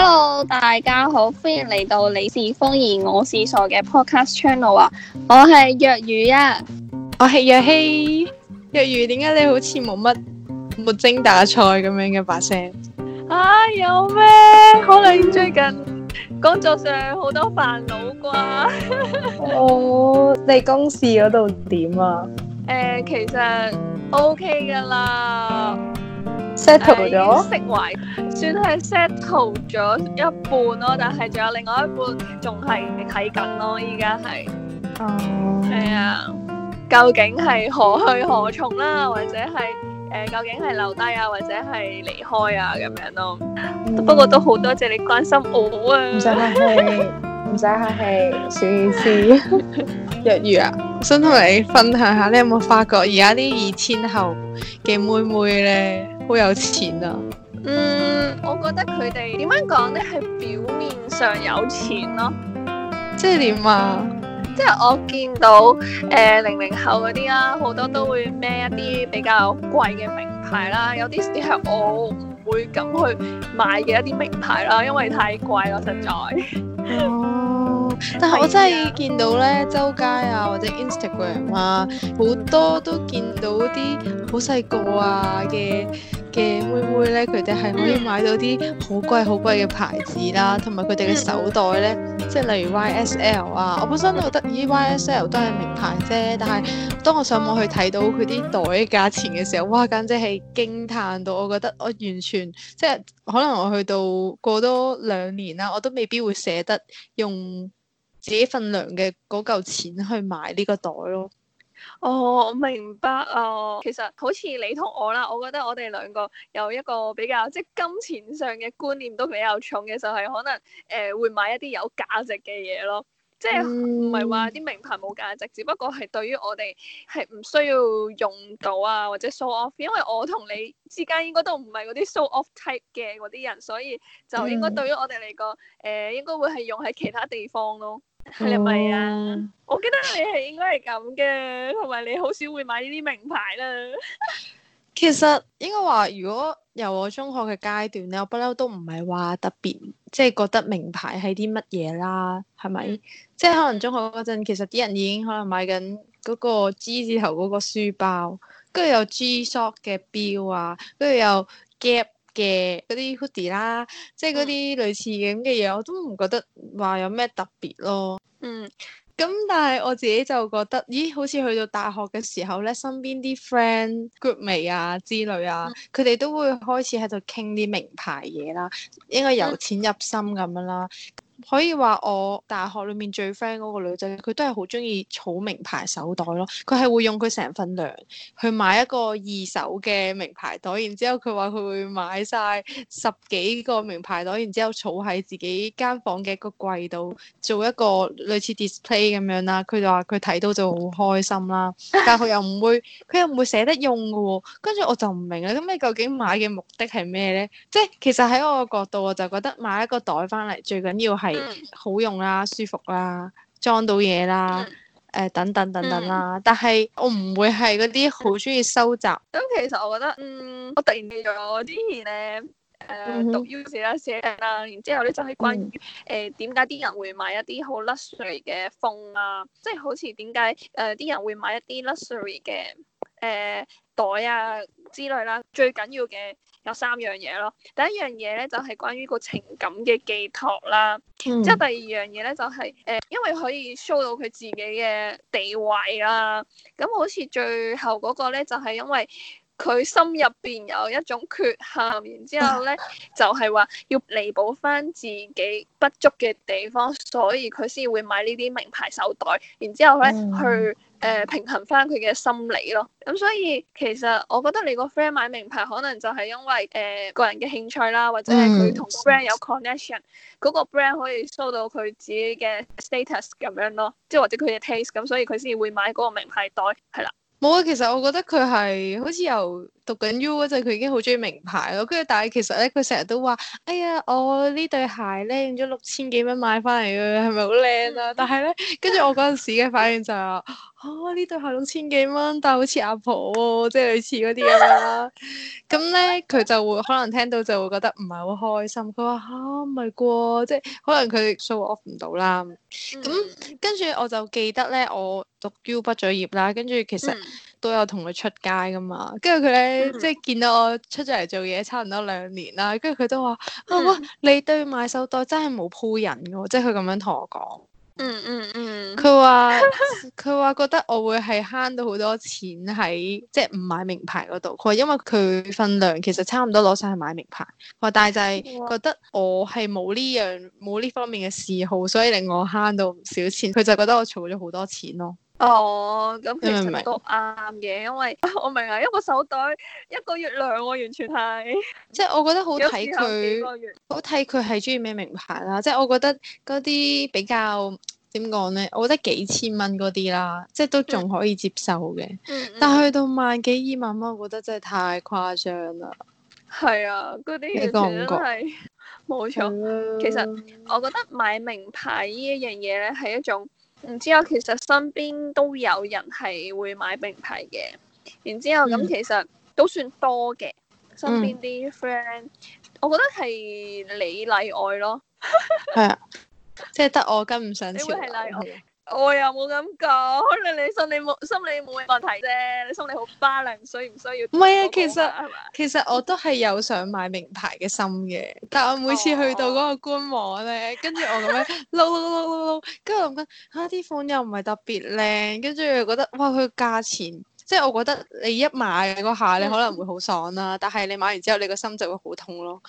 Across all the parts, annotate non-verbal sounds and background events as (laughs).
hello，大家好，歡迎嚟到你是風兒我是傻嘅 podcast channel 啊，我係若魚啊，我係若希。若魚，點解你好似冇乜沒精打采咁樣嘅把聲？啊，有咩？ (laughs) 可能最近工作上好多煩惱啩？我、 (laughs) 哦、你公司嗰度點啊？誒、呃，其實 OK 噶啦。settle 咗，釋懷，算係 settle 咗一半咯，但係仲有另外一半仲係睇緊咯，依家係，係啊、uh，究竟係何去何從啦，或者係誒、呃，究竟係留低啊，或者係離開啊，咁樣咯。Mm. 不過都好多謝你關心我啊，唔使客氣，唔使 (laughs) 客，客氣，小意思。若 (laughs) 如 (laughs) 啊，想同你分享下，你有冇發覺而家啲二千後嘅妹妹咧？好有錢啊！嗯，我覺得佢哋點樣講呢？係表面上有錢咯。即係點啊？即係我見到誒零零後嗰啲啦，好多都會孭一啲比較貴嘅名牌啦，有啲事係我唔會敢去買嘅一啲名牌啦，因為太貴喇，實在、哦。 (laughs) 但係我真係見到咧，周街啊或者 Instagram 啊，好多都見到啲好細個啊嘅嘅妹妹咧，佢哋係可以買到啲好貴好貴嘅牌子啦、啊，同埋佢哋嘅手袋咧，即係例如 YSL 啊，我本身都覺得咦 YSL 都係名牌啫，但係當我上網去睇到佢啲袋價錢嘅時候，哇簡直係驚歎到，我覺得我完全即係可能我去到過多兩年啦，我都未必會捨得用。自己份糧嘅嗰嚿錢去買呢個袋咯。哦，我明白啊。其實好似你同我啦，我覺得我哋兩個有一個比較即係金錢上嘅觀念都比較重嘅，就係、是、可能誒、呃、會買一啲有價值嘅嘢咯。即係唔係話啲名牌冇價值，嗯、只不過係對於我哋係唔需要用到啊，或者 show off。因為我同你之間應該都唔係嗰啲 show off type 嘅嗰啲人，所以就應該對於我哋嚟講，誒、嗯、應該會係用喺其他地方咯。係咪啊？是是 oh. 我記得你係應該係咁嘅，同埋你好少會買呢啲名牌啦。 (laughs) 其實應該話，如果由我中學嘅階段咧，我不嬲都唔係話特別，即、就、係、是、覺得名牌係啲乜嘢啦，係咪？Mm. 即係可能中學嗰陣，其實啲人已經可能買緊嗰個 G 字頭嗰個書包，跟住有 G Shock 嘅錶啊，跟住有 Gap。嘅嗰啲 hoodie 啦，即係嗰啲類似咁嘅嘢，我都唔覺得話有咩特別咯。嗯，咁但係我自己就覺得，咦，好似去到大學嘅時候咧，身邊啲 friend groupmate 啊之類啊，佢哋、嗯、都會開始喺度傾啲名牌嘢啦，應該由淺入深咁樣啦。嗯嗯。可以話我大學裏面最 friend 嗰個女仔，佢都係好中意儲名牌手袋咯。佢係會用佢成份糧去買一個二手嘅名牌袋，然之後佢話佢會買晒十幾個名牌袋，然之後儲喺自己間房嘅一個櫃度做一個類似 display 咁樣啦。佢就話佢睇到就好開心啦，但係佢又唔會佢 (laughs) 又唔會捨得用嘅喎。跟住我就唔明啦，咁你究竟買嘅目的係咩咧？即係其實喺我個角度，我就覺得買一個袋翻嚟最緊要係。係好用啦、舒服啦、裝到嘢啦、誒、呃、等等等等啦，嗯、但係我唔會係嗰啲好中意收集。咁、嗯嗯、其實我覺得，嗯，我突然記咗，我之前咧誒、呃嗯、哼讀 U 字啦、寫啦，然之後咧就係關於誒點解啲人會買一啲好 luxury 嘅 phone 啊，即、就、係、是、好似點解誒啲人會買一啲 luxury 嘅誒、呃、袋啊？之類啦，最緊要嘅有三樣嘢咯。第一樣嘢咧就係、是、關於個情感嘅寄託啦，之後、嗯、第二樣嘢咧就係、是、誒、呃，因為可以 show 到佢自己嘅地位啦。咁好似最後嗰個咧就係、是、因為佢心入邊有一種缺陷，然之後咧就係、是、話要彌補翻自己不足嘅地方，所以佢先會買呢啲名牌手袋，然之後咧、嗯、去。誒、呃、平衡翻佢嘅心理咯，咁、嗯、所以其實我覺得你個 friend 買名牌可能就係因為誒、呃、個人嘅興趣啦，或者係佢同個 brand 有 connection，嗰個 brand 可以 show 到佢自己嘅 status 咁樣咯，即係或者佢嘅 taste，咁所以佢先會買嗰個名牌袋係啦。冇啊，其實我覺得佢係好似由。讀緊 U 嗰陣，佢已經好中意名牌咯。跟住，但係其實咧，佢成日都話：哎呀，我呢對鞋咧用咗六千幾蚊買翻嚟，係咪好靚啊？ (laughs) 但係咧，跟住我嗰陣時嘅反應就係、話：啊，呢對鞋六千幾蚊，但係好似阿婆、哦，即係類似嗰啲咁啦。咁咧， (laughs) 佢就會可能聽到就會覺得唔係好開心。佢話：吓、啊，唔係啩？即係可能佢 show off 唔到啦。咁、 (laughs) 嗯、跟住我就記得咧，我讀 U 畢咗業啦，跟住其實、嗯。都有同佢出街噶嘛，跟住佢咧，即係見到我出咗嚟做嘢差唔多兩年啦，跟住佢都話：啊、mm hmm. 哦，你對買手袋真係冇鋪人嘅，即係佢咁樣同我講。嗯嗯嗯，佢話佢話覺得我會係慳到好多錢喺，即係唔買名牌嗰度。佢話因為佢份量其實差唔多攞晒去買名牌，佢話但係就係覺得我係冇呢樣冇呢方面嘅嗜好，所以令我慳到唔少錢。佢就覺得我儲咗好多錢咯。哦，咁其實都啱嘅，因為我明啊，一個手袋一個月兩喎、啊，完全係。即係我覺得好睇佢，好睇佢係中意咩名牌啦。即係我覺得嗰啲比較點講咧，我覺得幾千蚊嗰啲啦，即係都仲可以接受嘅。 (music) 嗯嗯。但係去到萬幾二萬蚊，我覺得真係太誇張啦。係啊，嗰啲完全都係冇錯。嗯、其實我覺得買名牌呢一樣嘢咧，係一種。然之後其實身邊都有人係會買名牌嘅，然之後咁、嗯、其實都算多嘅。身邊啲 friend，我覺得係你例外咯，係 (laughs) 啊，即係得我跟唔上潮流，係例外。我又冇咁講，可能你心理冇心理冇問題啫，你心理好巴零，需唔需要？唔係啊，其實其實我都係有想買名牌嘅心嘅，但係我每次去到嗰個官網咧，跟住我咁樣撈撈撈撈撈，跟住諗緊嚇啲款又唔係特別靚，跟住又覺得哇佢價錢，即係我覺得你一買嗰下你可能會好爽啦，啊， (laughs) 但係你買完之後你個心就會好痛咯，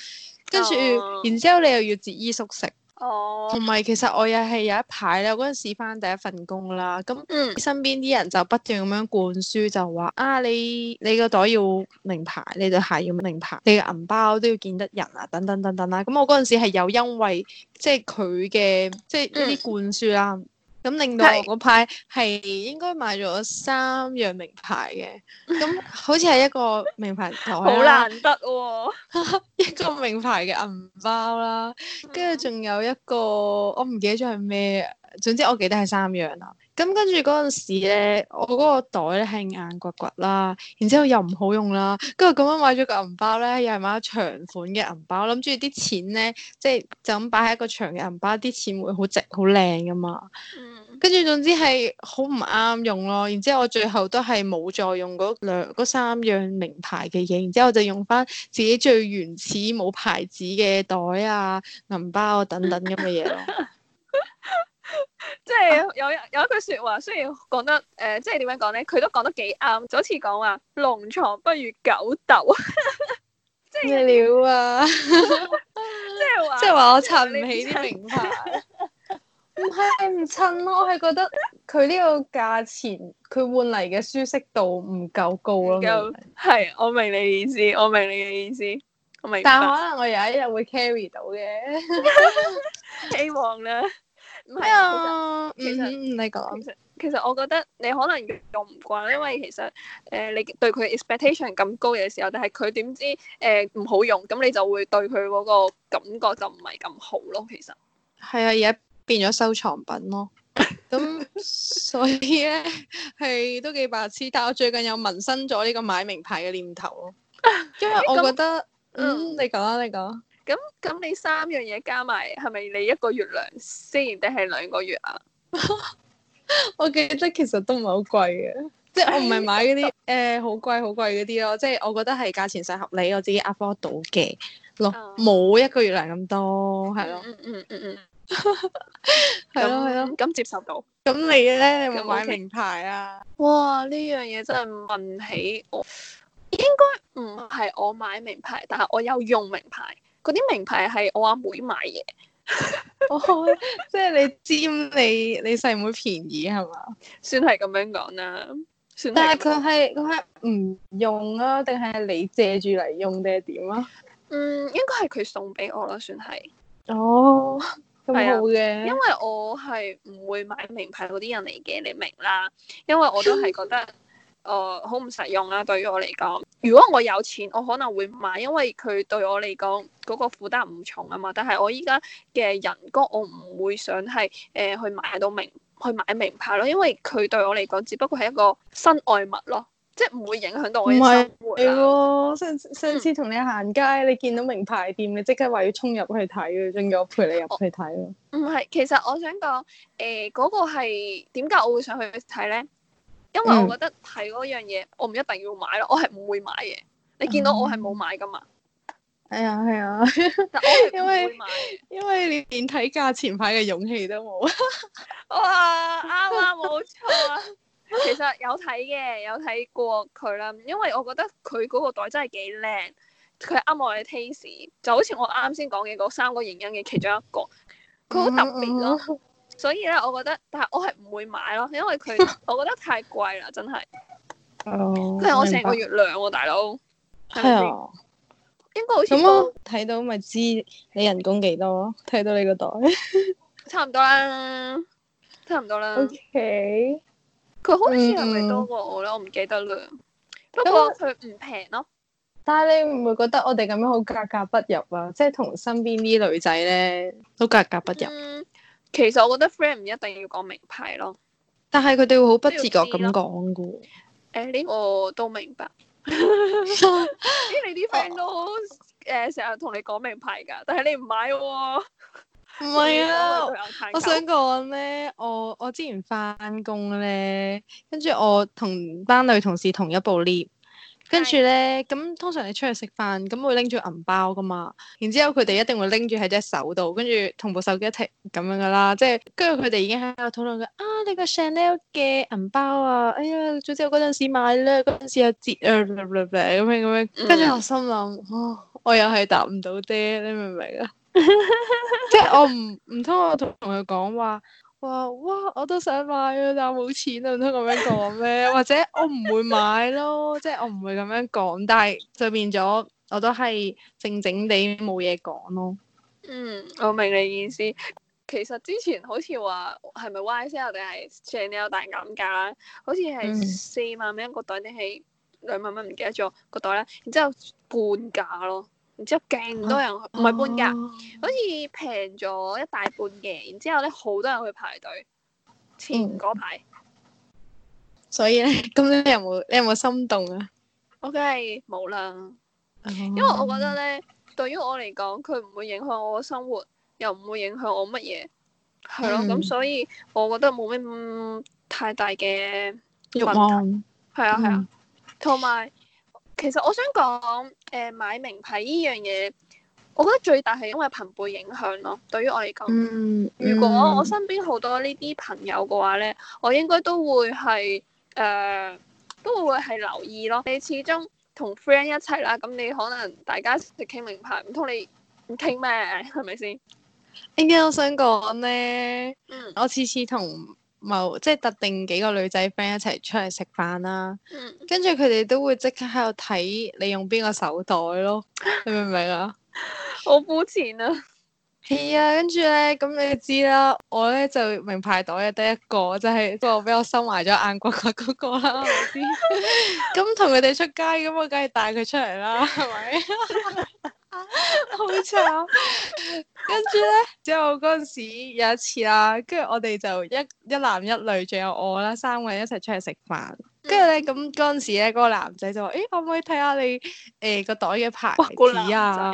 跟住、oh. 然之後你又要節衣縮食。哦，同埋其實我又係有一排咧，我嗰陣時返第一份工啦，咁身邊啲人就不斷咁樣灌輸，就話啊你你個袋要名牌，你對鞋要名牌，你個銀包都要見得人啊，等等等等啦。咁我嗰陣時係有因為即係佢嘅即係呢啲灌輸啦。嗯咁令到我嗰排係應該買咗三樣名牌嘅，咁好似係一個名牌頭，好 (laughs) 難得喎，哦， (laughs) 一個名牌嘅銀包啦，跟住仲有一個我唔記得咗係咩。總之我記得係三樣啦，咁跟住嗰陣時咧，我嗰個袋咧係硬掘掘啦，然之後又唔好用啦，跟住咁樣買咗個銀包咧，又係買咗長款嘅銀包，諗住啲錢咧，即係就咁擺喺一個長嘅銀包，啲錢會好值好靚噶嘛。嗯、跟住總之係好唔啱用咯，然之後我最後都係冇再用嗰兩嗰三樣名牌嘅嘢，然之後我就用翻自己最原始冇牌子嘅袋啊銀包啊等等咁嘅嘢咯。 (laughs) 即係有有一句說話，雖然講得誒、呃，即係點樣講咧？佢都講得幾啱，就好似講話龍床不如狗竇， (laughs) 即係咩料啊！ (laughs) 即係話說，即係話我襯唔起啲名牌，唔係唔襯咯，我係覺得佢呢個價錢，佢換嚟嘅舒適度唔夠高咯，係 (laughs) 我，我明你意思，我明你嘅意思，我明你意思。但可能我有一日會 carry 到嘅， (laughs) (laughs) 希望啦。唔係啊，其實、嗯、你講，其實我覺得你可能用唔慣，因為其實誒、呃、你對佢 expectation 咁高嘅時候，但係佢點知誒唔、呃、好用，咁你就會對佢嗰個感覺就唔係咁好咯。其實係啊，而家變咗收藏品咯。咁 (laughs) 所以咧係都幾白痴，但係我最近有萌生咗呢個買名牌嘅念頭咯， (laughs) 因為我覺得嗯，嗯你講啊，你講。咁咁，你三樣嘢加埋，係咪你一個月糧先，定係兩個月啊？我記得其實都唔係好貴嘅，即係我唔係買嗰啲誒好貴好貴嗰啲咯，即係我覺得係價錢上合理，我自己 afford 到嘅，咯，冇一個月糧咁多，係咯，嗯嗯嗯嗯，係咯係咯，咁接受到。咁你咧，你有冇買名牌啊？哇！呢樣嘢真係問起我，應該唔係我買名牌，但係我有用名牌。嗰啲名牌係我阿妹買嘅 (laughs) (laughs) 哦，即係你佔你你細妹，妹便宜係嘛？算係咁樣講啦，算。但係佢係佢係唔用咯、啊，定係你借住嚟用定係點啊？嗯，應該係佢送俾我咯，算係。哦，冇嘅、啊。因為我係唔會買名牌嗰啲人嚟嘅，你明啦。因為我都係覺得。 (laughs) 誒，好唔、呃、實用啦。對於我嚟講，如果我有錢，我可能會買，因為佢對我嚟講嗰個負擔唔重啊嘛。但係我依家嘅人工，我唔會想係誒、呃、去買到名去買名牌咯，因為佢對我嚟講，只不過係一個身外物咯，即係唔會影響到我嘅生活啊。上次上次同你行街，嗯、你見到名牌店，你即刻話要衝入去睇啊，仲要我陪你入去睇咯。唔係，其實我想講，誒、呃，嗰、嗰個係點解我會上去睇咧？因為我覺得睇嗰樣嘢，我唔一定要買咯，嗯、我係唔會買嘅。你見到我係冇買噶嘛？係啊係啊，哎、 (laughs) 但係我係唔會買因。因為你連睇價錢牌嘅勇氣都冇。 (laughs) 哇，啱啱冇錯啊！錯 (laughs) 其實有睇嘅，有睇過佢啦。因為我覺得佢嗰個袋真係幾靚，佢啱我嘅 taste，就好似我啱先講嘅嗰三個原因嘅其中一個。佢好特別咯，啊。嗯嗯嗯所以咧，我覺得，但係我係唔會買咯，因為佢， (laughs) 我覺得太貴啦，真係。哦。佢係我成個月糧喎、啊，大佬。係白嗎啊。應該好似。咁我睇到咪知你人工幾多咯？睇到你個袋。 (laughs) 差唔多啦。差唔多啦。O Okay K。佢好似係咪多過我咧？我唔記得啦。嗯、不過佢唔平咯。但係你唔會覺得我哋咁樣好格格不入啊？即係同身邊啲女仔咧都格格不入。嗯其實我覺得 friend 唔一定要講名牌咯，但係佢哋會好不自覺咁講噶喎。誒、呢、欸、個都明白。啲、 (laughs) 欸、你啲 friend 都好誒，成日同你講名牌噶，但係你唔買喎。唔係啊， (laughs) 為我，為我想講咧，我我之前返工咧，跟住我同班女同事同一部 lift。跟住咧，咁通常你出去食飯，咁會拎住銀包噶嘛。然之後佢哋一定會拎住喺隻手度，跟住同部手機一齊咁樣噶啦。即係跟住佢哋已經喺度討論緊啊，你個 Chanel 嘅銀包啊，哎呀，總之我嗰陣時買咧，嗰陣時有折啊，咁樣咁樣。跟住我心諗， (laughs) 哦，我又係答唔到啫，你明唔明啊？即係我唔唔通我同佢講話。話哇，我都想買啊，但冇錢啊，唔通咁樣講咩？ (laughs) 或者我唔會買咯，即係我唔會咁樣講，但係就變咗，我都係靜靜地冇嘢講咯。嗯，我明你意思。其實之前好似話係咪 YSL 定係 Chanel 有大減價，好似係四萬蚊一個袋定係兩萬蚊，唔記得咗個袋啦。然之後半價咯。然之後勁多人，去，唔係半價，哦、好似平咗一大半嘅。然之後咧，好多人去排隊，前嗰排、嗯。所以咧，今日你有冇？你有冇心動啊？我梗係冇啦，哦、因為我覺得咧，對於我嚟講，佢唔會影響我嘅生活，又唔會影響我乜嘢。係咯，咁、嗯、所以我覺得冇咩太大嘅慾望。係啊係啊，同埋。嗯其實我想講，誒、呃、買名牌依樣嘢，我覺得最大係因為貧輩影響咯。對於我嚟講，嗯嗯、如果我身邊好多呢啲朋友嘅話咧，我應該都會係誒、呃、都會會留意咯。你始終同 friend 一齊啦，咁你可能大家食傾名牌，唔通你唔傾咩？係咪先？a n 我想講咧，嗯、我次次同。某即係特定幾個女仔 friend 一齊出嚟食飯啦，嗯、跟住佢哋都會即刻喺度睇你用邊個手袋咯，你明唔明啊？好膚淺啊！係啊，跟住咧咁你知啦，我咧就名牌袋又得一個，就係、是、個俾我收埋咗眼骨骨嗰個，我知，咁同佢哋出街，咁我梗係帶佢出嚟啦，係咪 (laughs) 不？ (laughs) 好慘！跟住咧，之後嗰陣時有一次啦，跟住我哋就一一男一女，仲有我啦，三個人一齊出去食飯。跟住咧咁嗰陣時咧，嗰個男仔就話：誒可唔可以睇下你誒個袋嘅牌子啊？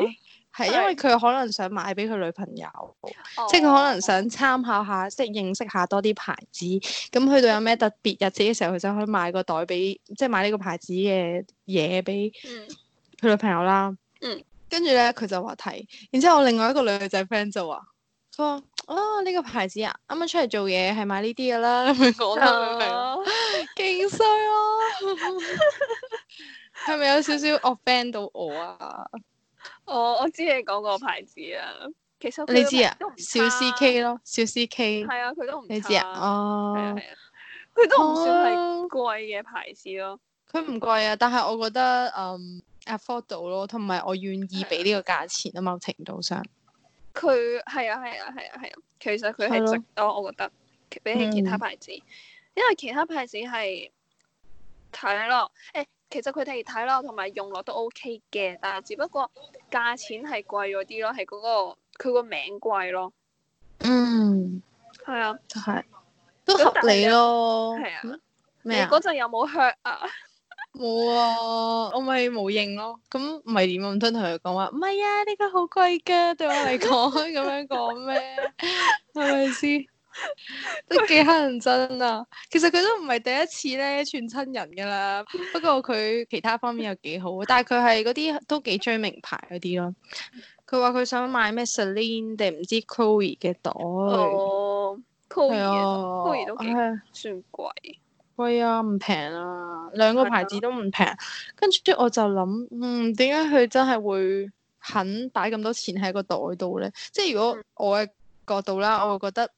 係因為佢可能想買俾佢女朋友，是即係佢可能想參考下，即係認識下多啲牌子。咁去到有咩特別日子嘅時候，佢就可以買個袋俾，即係買呢個牌子嘅嘢俾佢女朋友啦。嗯。嗯。跟住咧，佢就話睇，然之後我另外一個女仔 friend 就話，佢話啊呢個牌子啊，啱啱出嚟做嘢係買呢啲噶啦，咁樣講啦，啊，勁衰咯，係 (laughs) 咪、啊、 (laughs) 有少少 offend 到我啊？我我知你講個牌子啊，其實你知啊，小 CK 咯，小 CK，係啊，佢都唔、啊，你知啊，哦，係啊係啊，佢都唔算係貴嘅牌子咯，佢唔貴啊，但係我覺得嗯。affordable 咯，同埋我願意俾呢個價錢啊，嗯、某程度上，佢係啊係啊係啊係啊，其實佢係值得多，我覺得比起其他牌子，嗯、因為其他牌子係睇咯，誒、欸、其實佢哋睇咯，同埋用落都 OK 嘅，但係只不過價錢係貴咗啲咯，係嗰、嗰個佢個名貴咯。嗯，係啊，係都，是、啊、都合理咯，係啊，咩啊？嗰陣有冇靴？啊？冇啊，我咪冇認咯。咁咪點啊？唔通同佢講話唔係啊？呢、這個好貴嘅對我嚟講，咁 (laughs) 樣講咩？係咪先？都幾乞人憎啊！其實佢都唔係第一次咧串親人噶啦。不過佢其他方面又幾好，但係佢係嗰啲都幾追名牌嗰啲咯。佢話佢想買咩 Celine 定唔知 Chloé 嘅袋。哦 Chloé，Chloé 都算貴。貴啊，唔平啊，兩個牌子都唔平。跟住啲我就諗，嗯，點解佢真係會肯擺咁多錢喺個袋度咧？即係如果我嘅角度啦，嗯、我會覺得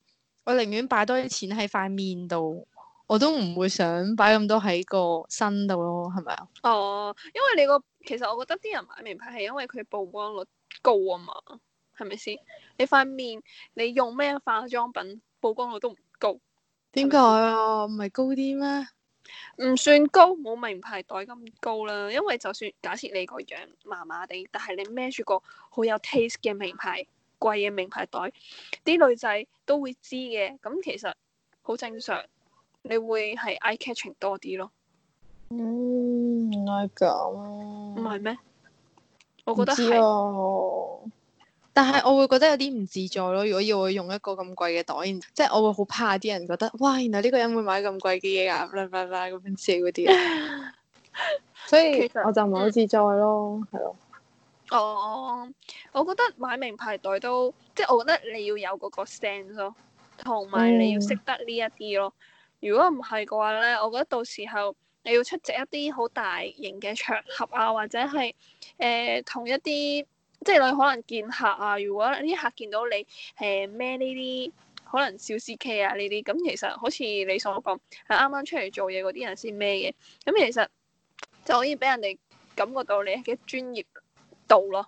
我寧願擺多啲錢喺塊面度，我都唔會想擺咁多喺個身度咯，係咪啊？哦，因為你個其實我覺得啲人買名牌係因為佢曝光率高啊嘛，係咪先？你塊面你用咩化妝品曝光率都唔高。點解啊？唔係高啲咩？唔算高，冇名牌袋咁高啦。因為就算假設你個樣麻麻地，但係你孭住個好有 taste 嘅名牌貴嘅名牌袋，啲女仔都會知嘅。咁其實好正常，你會係 eye catching 多啲咯。嗯，原來咁。唔係咩？我覺得係。啊。但係我會覺得有啲唔自在咯，如果要我用一個咁貴嘅袋，即係我會好怕啲人覺得，哇！原來呢個人會買咁貴嘅嘢啊，咁 (laughs) 樣笑啲。所以其實我就唔係好自在咯，係、嗯、咯。哦，我覺得買名牌袋都，即係我覺得你要有嗰個 sense 咯，同埋你要識得呢一啲咯。如果唔係嘅話咧，我覺得到時候你要出席一啲好大型嘅場合啊，或者係誒同一啲。即係你可能見客啊，如果呢啲客見到你誒孭呢啲可能小 CK 啊呢啲，咁其實好似你所講係啱啱出嚟做嘢嗰啲人先孭嘅，咁其實就可以俾人哋感覺到你嘅專業度咯。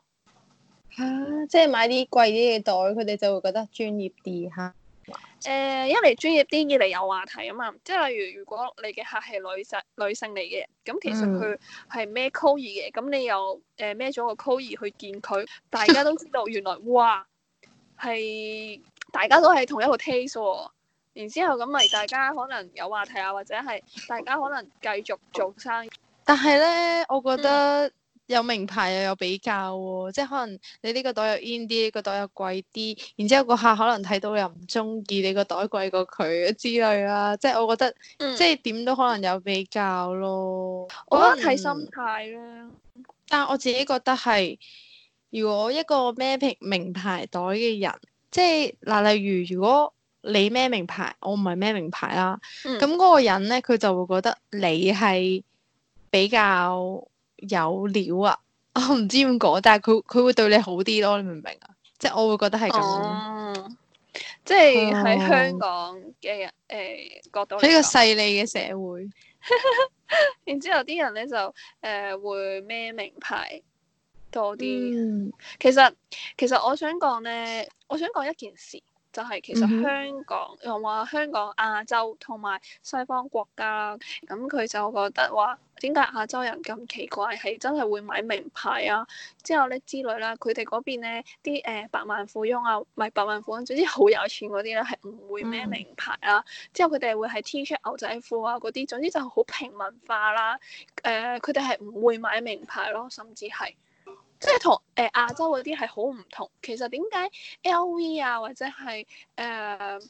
嚇、啊，即係買啲貴啲嘅袋，佢哋就會覺得專業啲嚇。誒一嚟專業啲，二嚟有話題啊嘛！即係例如，如果你嘅客係女仔女性嚟嘅，咁其實佢係咩 Chloe 嘅，咁你又誒孭咗個 Chloe 去見佢，大家都知道原來 (laughs) 哇係大家都係同一個 taste 喎、哦，然之後咁咪大家可能有話題啊，或者係大家可能繼續做生意。但係咧，我覺得。 (laughs) 有名牌又有比較喎、哦，即係可能你呢個袋又 in 啲，個袋又貴啲，然之後個客可能睇到你又唔中意你個袋貴過佢之類啦、啊，即係我覺得、嗯、即係點都可能有比較咯。我覺得睇心態啦、嗯，但係我自己覺得係，如果一個咩名牌袋嘅人，即係嗱，例如如果你咩名牌，我唔係咩名牌啦，咁嗰、嗯、個人咧佢就會覺得你係比較。有料啊！我唔知點講，但係佢佢會對你好啲咯，你明唔明啊？即係我會覺得係咁，即係喺香港嘅人誒角度呢個勢利嘅社會， (laughs) 然之後啲人咧就誒、呃、會孭名牌多啲。嗯、其實其實我想講咧，我想講一件事。就係其實香港，又話、mm hmm. 香港、亞洲同埋西方國家啦，咁佢就覺得話點解亞洲人咁奇怪，係真係會買名牌啊，之後咧之類啦，佢哋嗰邊咧啲誒百萬富翁啊，唔係百萬富翁，總之好有錢嗰啲咧，係唔會咩名牌啊。Mm hmm. 之後佢哋會係 T 恤、牛仔褲啊嗰啲，總之就好平民化啦，誒佢哋係唔會買名牌咯，甚至係。即係同誒亞洲嗰啲係好唔同。其實點解 LV 啊或者係誒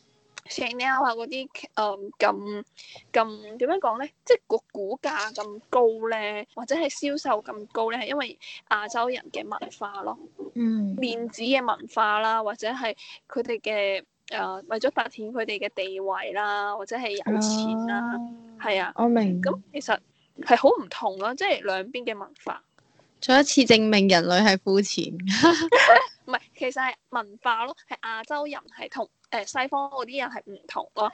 Chanel 啊嗰啲誒咁咁點樣講咧？即係個股價咁高咧，或者係、呃啊呃就是、銷售咁高咧，係因為亞洲人嘅文化咯，嗯、面子嘅文化啦，或者係佢哋嘅誒為咗發展佢哋嘅地位啦，或者係有錢啦，係啊。啊我明。咁、嗯、其實係好唔同咯，即、就、係、是、兩邊嘅文化。再一次證明人類係膚淺，唔 (laughs) 係 (laughs) 其實係文化咯，係亞洲人係同誒西方嗰啲人係唔同咯。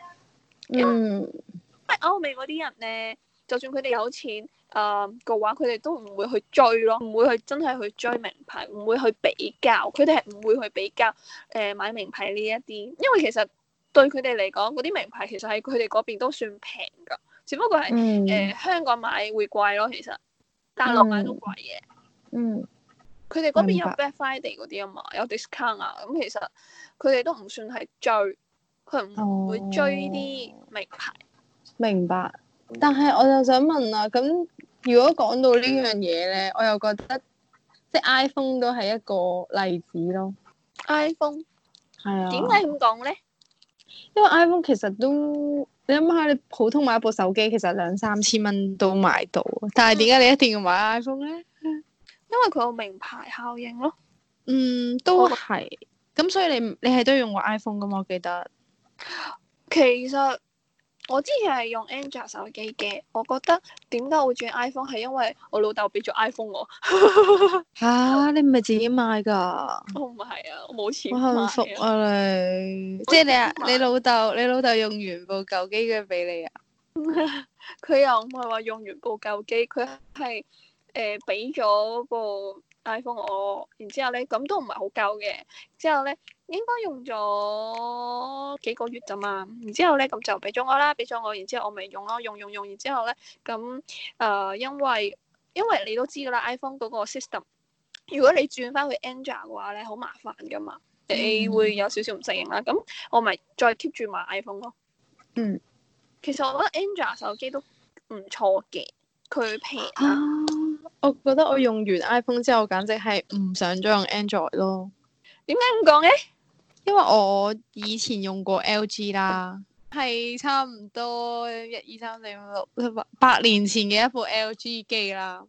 嗯，因為歐美嗰啲人咧，就算佢哋有錢啊個話，佢、呃、哋都唔會去追咯，唔會去真係去追名牌，唔會去比較，佢哋係唔會去比較誒、呃、買名牌呢一啲，因為其實對佢哋嚟講，嗰啲名牌其實喺佢哋嗰邊都算平噶，只不過係誒、嗯呃、香港買會貴咯，其實，大陸買都貴嘅。嗯嗯，佢哋嗰邊有 Black Friday 嗰啲啊嘛，有 discount 啊，咁其實佢哋都唔算係追，佢唔會追啲名牌。哦，明白，但係我就想問啊，咁如果講到呢樣嘢咧，我又覺得即係 iPhone 都係一個例子咯。iPhone 係啊，點解咁講咧？因為 iPhone 其實都，你諗下你普通買一部手機，其實兩三千蚊都買到，但係點解你一定要買 iPhone 咧？因為佢有名牌效應咯，嗯，都係，咁我所以你你係都用過 iPhone 噶嘛？我記得，其實我之前係用 Android 手機嘅，我覺得點解會轉 iPhone 係因為我老豆俾咗 iPhone 我，吓、 (laughs) 啊、你唔係自己買噶？我唔係啊，我冇錢。我好幸福啊你，即係你啊，你老豆你老豆用完部舊機嘅俾你啊？佢 (laughs) 又唔係話用完部舊機，佢係。誒，俾咗個、呃、iPhone 我，然之後咧，咁都唔係好夠嘅。之後咧，應該用咗幾個月咋嘛？然之後咧，咁就俾咗我啦，俾咗我，然之後我咪用咯，用用用。然之後咧，咁誒、呃，因為因為你都知噶啦，iPhone 嗰個 system，如果你轉翻去 Android 嘅話咧，好麻煩噶嘛，你會有少少唔適應啦。咁我咪再 keep 住買 iPhone 咯。嗯，嗯其實我覺得 Android 手機都唔錯嘅，佢平啊。我覺得我用完 iPhone 之後，簡直係唔想再用 Android 咯。點解咁講咧？因為我以前用過 LG 啦，係差唔多一二三四五六七八百年前嘅一部 LG 機啦。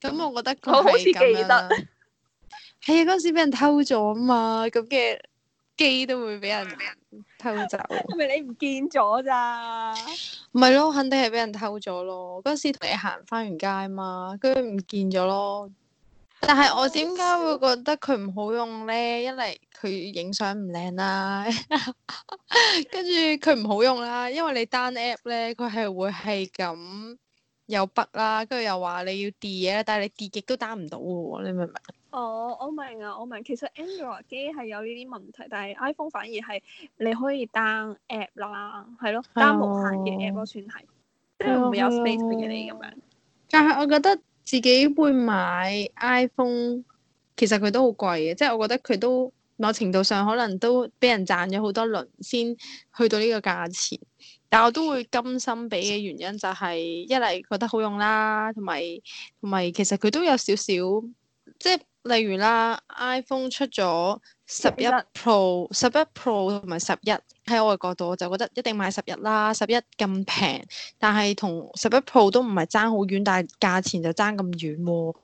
咁我覺得佢係咁樣啦。我好似記得。係啊，嗰 (laughs) 時俾人偷咗啊嘛，咁嘅機都會俾人偷走？係咪你唔見咗咋？唔係咯，肯定係俾人偷咗咯。嗰陣時同你行翻完街嘛，跟住唔見咗咯。但係我點解會覺得佢唔好用咧？因為佢影相唔靚啦，跟住佢唔好用啦。因為你 down app 咧，佢係會係咁有 bug 啦，跟住又話你要跌嘢，但係你跌極都 down 唔到喎，你明唔明？哦，我明啊，我明。其實 Android 機係有呢啲問題，但係 iPhone 反而係你可以 down app 啦，係咯、oh.，down 無限嘅 app 都算係，oh. 即係唔會有 space 俾你咁樣。但係我覺得自己會買 iPhone，其實佢都好貴嘅，即係我覺得佢都某程度上可能都俾人賺咗好多輪先去到呢個價錢。但係我都會甘心俾嘅原因就係、是、一嚟覺得好用啦，同埋同埋其實佢都有少少即係。例如啦，iPhone 出咗十一 Pro 其實、十一 Pro 同埋十一喺我嘅角度，我就覺得一定買十一啦，十一咁平，但係同十一 Pro 都唔係爭好遠，但係價錢就爭咁遠、哦。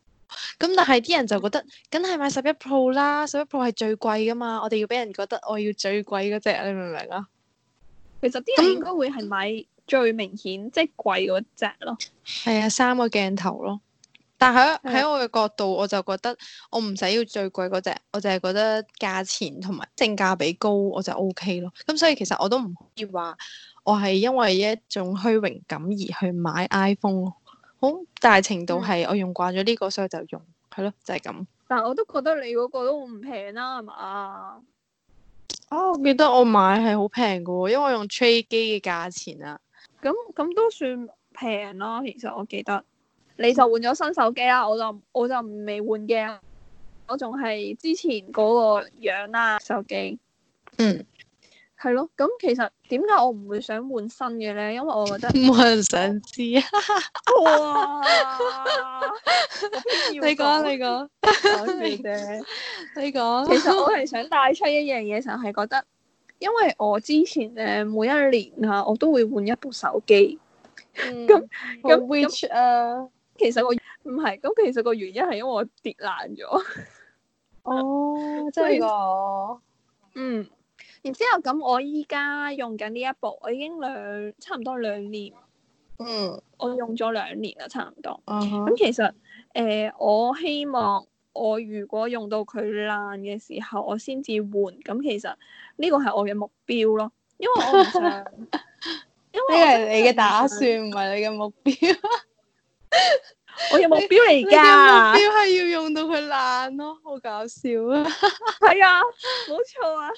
咁但係啲人就覺得，梗係買十一 Pro 啦，十一 Pro 係最貴㗎嘛，我哋要俾人覺得我要最貴嗰隻，你明唔明啊？其實啲人應該會係買最明顯即係、嗯、貴嗰隻咯。係啊，三個鏡頭咯。但喺喺我嘅角度，我就覺得我唔使要最貴嗰隻，我就係覺得價錢同埋性價比高，我就 OK 咯。咁所以其實我都唔可以話我係因為一種虛榮感而去買 iPhone，好大程度係我用慣咗呢個，嗯、所以就用係咯，就係咁。但我都覺得你嗰個都唔平啦，係嘛？啊、哦，我記得我買係好平嘅喎，因為我用 trade 機嘅價錢啊。咁咁都算平咯，其實我記得。你就換咗新手機啦，我就我就未換嘅，我仲係之前嗰個樣啦、啊、手機。嗯，係咯，咁其實點解我唔會想換新嘅咧？因為我覺得冇人想知啊。哇！你講你講講完嗲，你講。其實我係想帶出一樣嘢，就係覺得，因為我之前咧每一年啊，我都會換一部手機。咁咁 which 啊！其實我唔係咁，其實個原因係因為我跌爛咗、 (laughs) oh, 嗯。哦，即係個嗯。然之後咁，我依家用緊呢一部，我已經兩差唔多兩年。嗯，mm. 我用咗兩年啦，差唔多。咁、uh huh. 其實誒、呃，我希望我如果用到佢爛嘅時候，我先至換。咁其實呢個係我嘅目標咯，因為我唔想。呢個係 (laughs) 你嘅打算，唔係你嘅目標。 (laughs) 我有目標嚟㗎、啊， (laughs) 你目標係要用到佢爛咯，好搞笑啊！係、 (laughs) (laughs) 哎、啊，冇錯啊。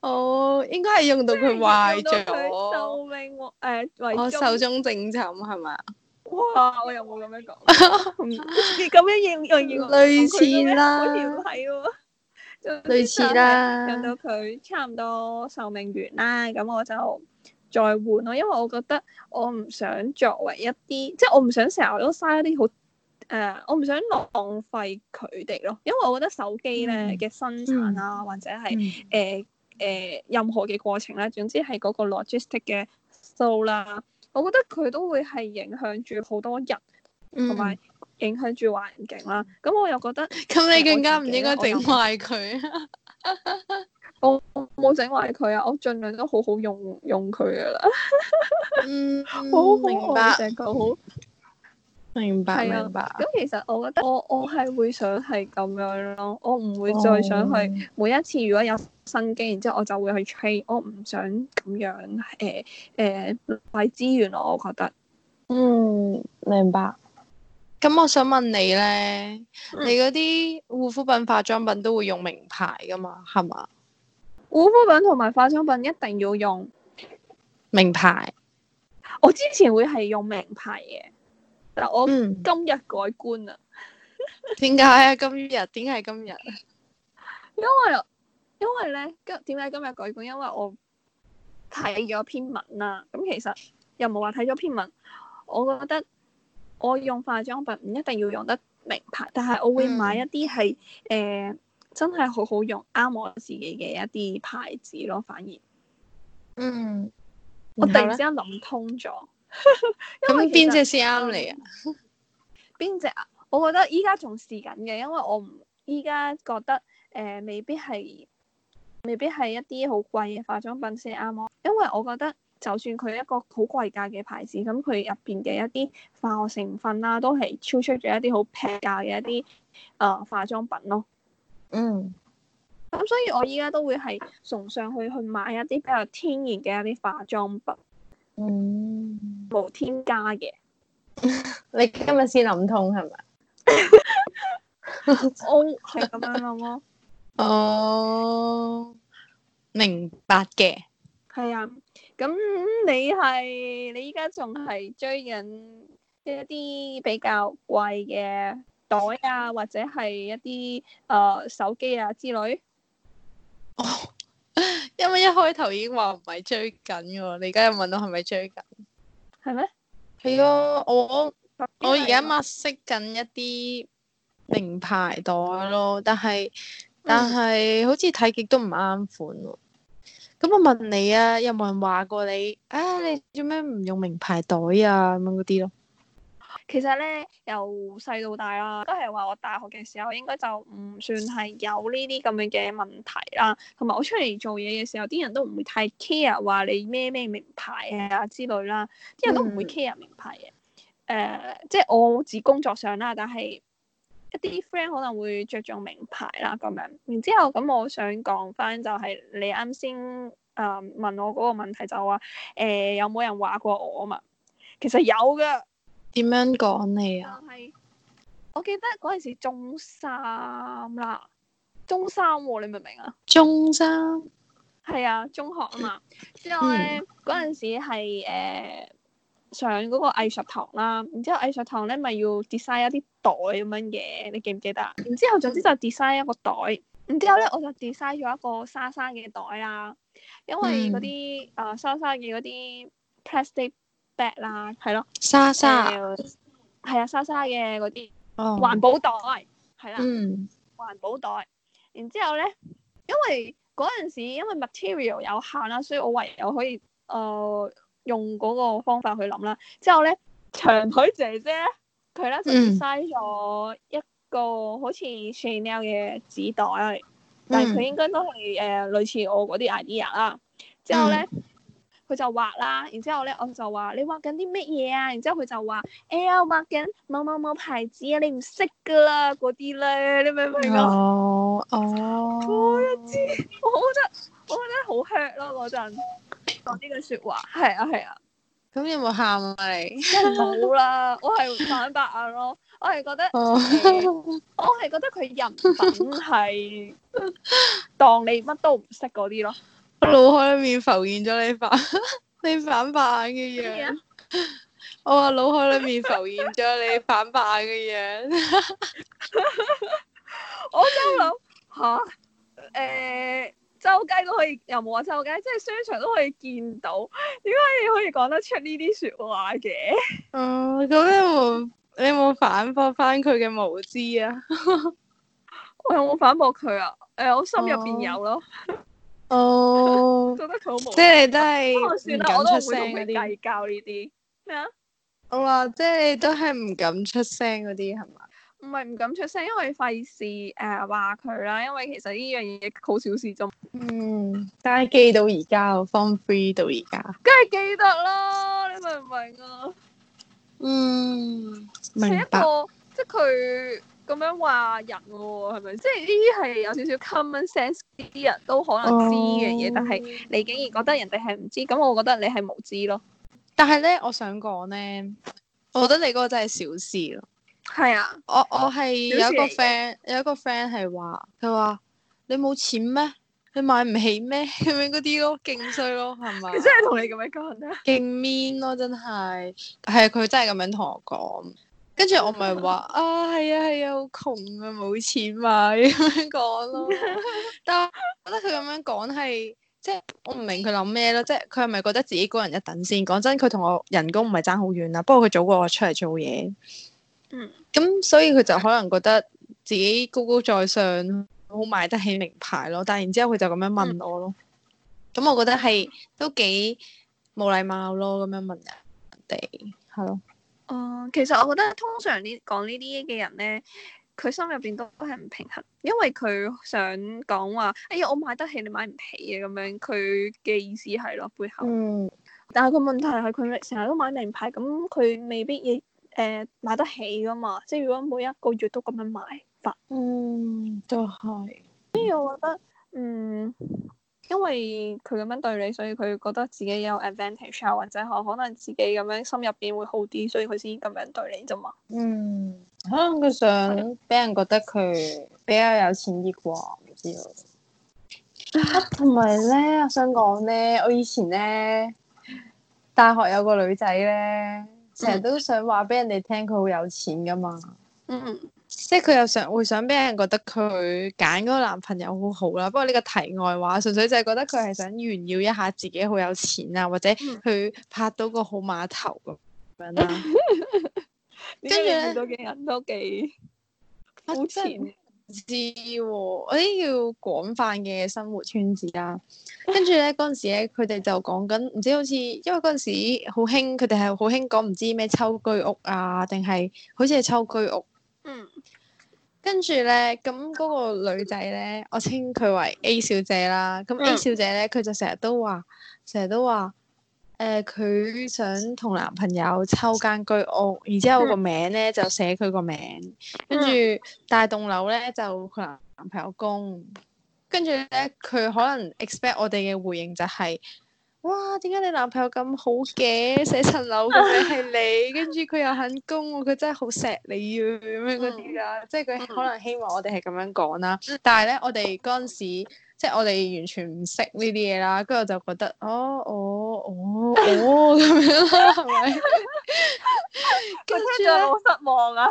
哦，應該係用到佢壞咗，壽命誒，我壽終正寢係咪啊？哇，我又冇咁樣講，咁樣認認我類似啦，類似啦，等 (laughs) 到佢差唔多壽命完啦，咁我就。再換咯，因為我覺得我唔想作為一啲，即係我唔想成日都嘥一啲好誒，我唔想浪費佢哋咯。因為我覺得手機咧嘅、嗯、生產啦、啊，或者係誒誒任何嘅過程啦、啊，總之係嗰個 logistic 嘅數啦、啊，我覺得佢都會係影響住好多人，同埋、嗯、影響住環境啦、啊。咁、嗯嗯、我又覺得，咁你更加唔、呃、應該整壞佢。 (laughs) 整壞佢啊！我盡量都好好用用佢噶啦， (laughs) 嗯，好明白，成個 (laughs) 好,好,好,好明白，明白。咁、啊、其實我覺得我我係會想係咁樣咯，我唔會再想去、哦、每一次如果有新機，然之後我就會去 try, 我唔想咁樣誒誒費資源咯。我覺得，嗯，明白。咁我想問你咧，嗯、你嗰啲護膚品、化妝品都會用名牌噶嘛？係嘛？護膚品同埋化妝品一定要用名牌。我之前會係用名牌嘅，但我今日改觀啊。點解啊？今日點解今日因為因為咧今點解今日改觀？因為我睇咗篇文啦。咁其實又冇係話睇咗篇文，我覺得我用化妝品唔一定要用得名牌，但係我會買一啲係誒。嗯呃真係好好用，啱我自己嘅一啲牌子咯。反而，嗯，我突然之間諗通咗。咁邊隻先啱你啊？邊隻啊？我覺得依家仲試緊嘅，因為我唔依家覺得誒、呃，未必係，未必係一啲好貴嘅化妝品先啱我。因為我覺得就算佢一個好貴價嘅牌子，咁佢入邊嘅一啲化學成分啦、啊，都係超出咗一啲好平價嘅一啲誒化妝品咯。嗯，咁，mm。所以我依家都會係崇尚去去買一啲比較天然嘅一啲化妝品，嗯，mm。無添加嘅 (laughs) 、啊。你今日先諗通係咪？我係咁樣諗咯。哦，明白嘅。係啊，咁你係你依家仲係追緊一啲比較貴嘅？袋啊，或者係一啲誒、呃、手機啊之類。哦，因為一開頭已經話唔係追緊嘅喎，你而家又問我係咪追緊？係咩嗎？係咯，我我而家物色緊一啲名牌袋咯，但係、嗯、但係好似睇極都唔啱款喎。咁我問你啊，有冇人話過你啊、哎？你做咩唔用名牌袋啊？咁嗰啲咯。其實咧，由細到大啦，都係話我大學嘅時候應該就唔算係有呢啲咁樣嘅問題啦。同埋我出嚟做嘢嘅時候，啲人都唔會太 care 話你咩咩名牌啊之類啦，啲人都唔會 care 名牌嘅。誒、嗯呃，即係我自工作上啦，但係一啲 friend 可能會着重名牌啦咁樣。然之後咁，我想講翻就係、是、你啱先啊問我嗰個問題就話誒、呃、有冇人話過我啊嘛？其實有㗎。點樣講你啊？係、就是，我記得嗰陣時中三啦，中三喎、哦，你明唔明啊？中三，係啊，中學啊嘛。之後咧，嗰陣、嗯、時係誒、呃、上嗰個藝術堂啦。然之後藝術堂咧，咪、就是、要 design 一啲袋咁樣嘅，你記唔記得啊？然之後總之就 design 一個袋。然之後咧，我就 design 咗一個沙沙嘅袋啊，因為嗰啲誒沙沙嘅嗰啲 plastic。白啦，係咯，莎莎，係啊，莎莎嘅嗰啲環保袋，係啦、啊，環、嗯、保袋。然之後咧，因為嗰陣時因為 material 有限啦，所以我唯有可以誒、呃、用嗰個方法去諗啦。之後咧，長腿姐姐咧，佢咧就塞咗一個好似 Chanel 嘅紙袋，嗯、但係佢應該都係誒、呃、類似我嗰啲 idea 啦。之後咧。嗯佢就畫啦，然之後咧，我就話你畫緊啲乜嘢啊？然之後佢就話，誒、欸，我畫緊某，某某某牌子啊，你唔識噶啦嗰啲咧，你明唔明啊？哦哦，我一知，我覺得我覺得好 hurt 咯，嗰陣講呢句說話，係啊係啊，咁、啊、有冇喊啊冇 (laughs) (laughs) 啦，我係反白眼咯，我係覺得，oh. (laughs) 我係覺得佢人品係 (laughs) 當你乜都唔識嗰啲咯。我腦海裏面浮現咗你反你反白眼嘅樣，啊、 (laughs) 我話腦海裏面浮現咗你反白眼嘅樣， (laughs) (laughs) 我心諗吓，誒、呃，周街都可以，又冇話周街，即係商場都可以見到，點解你可以講得出呢啲說話嘅？嗯、 (laughs) 啊，咁你冇你有冇反駁翻佢嘅無知啊？ (laughs) 我有冇反駁佢啊？誒、呃，我心入邊有咯。哦，覺、oh, (laughs) 得佢好，即係都係唔敢出聲嗰啲計較呢啲咩啊？我話即係都係唔敢出聲嗰啲係嘛？唔係唔敢出聲，因為費事誒話佢啦，因為其實呢樣嘢好小事中，嗯，但係記到而家，form three 到而家，梗係記得啦，你明唔明啊？嗯，明白。個即係佢。咁樣話人喎，哦，係咪？即係呢啲係有少少 common sense，呢啲人都可能知呢樣嘢，oh. 但係你竟然覺得人哋係唔知，咁我覺得你係無知咯。但係咧，我想講咧，我覺得你嗰個真係小事咯。係啊，我我係有一個 friend，有一個 friend 係話，佢話你冇錢咩？你買唔起咩？咁樣嗰啲咯，勁衰咯，係咪？佢真係同你咁樣講咩？勁 mean 咯，真係係佢真係咁樣同我講。跟住我咪話、嗯、啊，係啊係啊，啊，好窮啊，冇錢買、啊、咁樣講咯。 (laughs) 但係我覺得佢咁樣講係，即係我唔明佢諗咩咯。即係佢係咪覺得自己高人一等先？講真，佢同我人工唔係爭好遠啊。不過佢早過我出嚟做嘢。咁、嗯、所以佢就可能覺得自己高高在上，好買得起名牌咯。但係然之後佢就咁樣問我咯。咁、嗯、我覺得係都幾冇禮貌咯，咁樣問人哋係咯。哦、嗯，其實我覺得通常講呢，講呢啲嘅人咧，佢心入邊都係唔平衡，因為佢想講話，哎呀我買得起你買唔起啊咁樣，佢嘅意思係咯背後。嗯，但係個問題係佢成日都買名牌，咁佢未必嘢、誒、呃、買得起噶嘛，即係如果每一個月都咁樣買法。嗯，就係、是。所以我覺得，嗯。因為佢咁樣對你，所以佢覺得自己有 advantage 啊，或者可可能自己咁樣心入邊會好啲，所以佢先咁樣對你啫嘛。嗯，可能佢想俾人覺得佢比較有錢啲啩，唔知啊。同埋咧，我想講咧，我以前咧，大學有個女仔咧，成日都想話俾人哋聽佢好有錢噶嘛。嗯嗯。即係佢又想會想俾人覺得佢揀嗰個男朋友好好、啊、啦，不過呢個題外話，純粹就係覺得佢係想炫耀一下自己好有錢啊，或者佢拍到個好碼頭咁樣啦。跟住遇到嘅人都幾有錢知喎、啊，嗰啲要廣泛嘅生活圈子啊。跟住咧嗰陣時咧，佢哋就講緊唔知好似，因為嗰陣時好興，佢哋係好興講唔知咩抽居屋啊，定係好似係抽居屋。嗯，跟住咧，咁嗰個女仔咧，我稱佢為 A 小姐啦。咁 A 小姐咧，佢、嗯、就成日都話，成日都話，誒、呃，佢想同男朋友抽間居屋，然之後個名咧就寫佢個名，跟住但係棟樓咧就佢男朋友供，跟住咧佢可能 expect 我哋嘅回應就係、是。哇，點解你男朋友咁好嘅？寫層樓嘅係你，跟住佢又肯供，佢真係好錫你要咁樣嗰啲啊，嗯、即係佢可能希望我哋係咁樣講啦。但係咧，我哋嗰陣時即係我哋完全唔識呢啲嘢啦，跟住我就覺得哦哦哦哦咁樣啦，係咪？跟住呢 (laughs) 我好失望啊！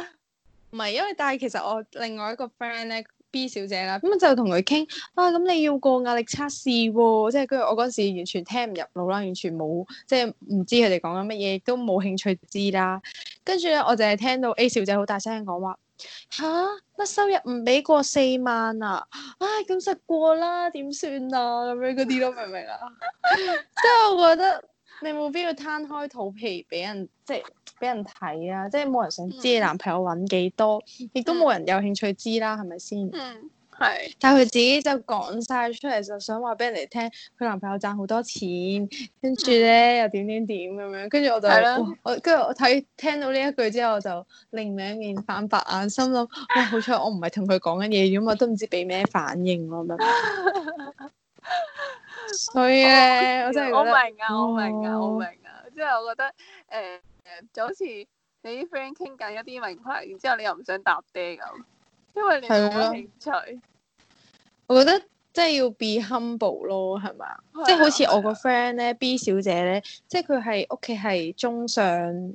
唔係，因為但係其實我另外一個 friend 咧。B 小姐啦，咁就同佢傾啊，咁你要過壓力測試喎、啊，即係跟住我嗰時完全聽唔入腦啦，完全冇即係唔知佢哋講緊乜嘢，都冇興趣知啦。跟住咧，我就係聽到 A 小姐好大聲講話吓？乜、啊、收入唔俾過四萬啊，唉咁實過啦，點算啊咁樣嗰啲都明唔明啊？即係 (laughs) (laughs) 我覺得。你冇必要攤開肚皮俾人即係俾人睇啊！即係冇人想知你男朋友揾幾多，亦都冇人有興趣知啦，係咪先？嗯，係。但係佢自己就講晒出嚟，就想話俾人哋聽，佢男朋友賺好多錢，跟住咧又點點點咁樣。跟住我就的我跟住我睇聽到呢一句之後，我就另一面反白眼，心諗哇！好彩我唔係同佢講緊嘢，如果我都唔知俾咩反應我。 (laughs) (laughs) 所以咧， (laughs) 我真係好明，啊、哦、明啊，我明啊，我明啊。即係我覺得誒就好似你啲 friend 傾偈，一啲問題，然之後你又唔想搭爹咁，因為你冇興趣、啊。我覺得即係要 be humble 咯，係嘛？啊、即係好似我個 friend 咧、啊、B 小姐咧，即係佢係屋企係中上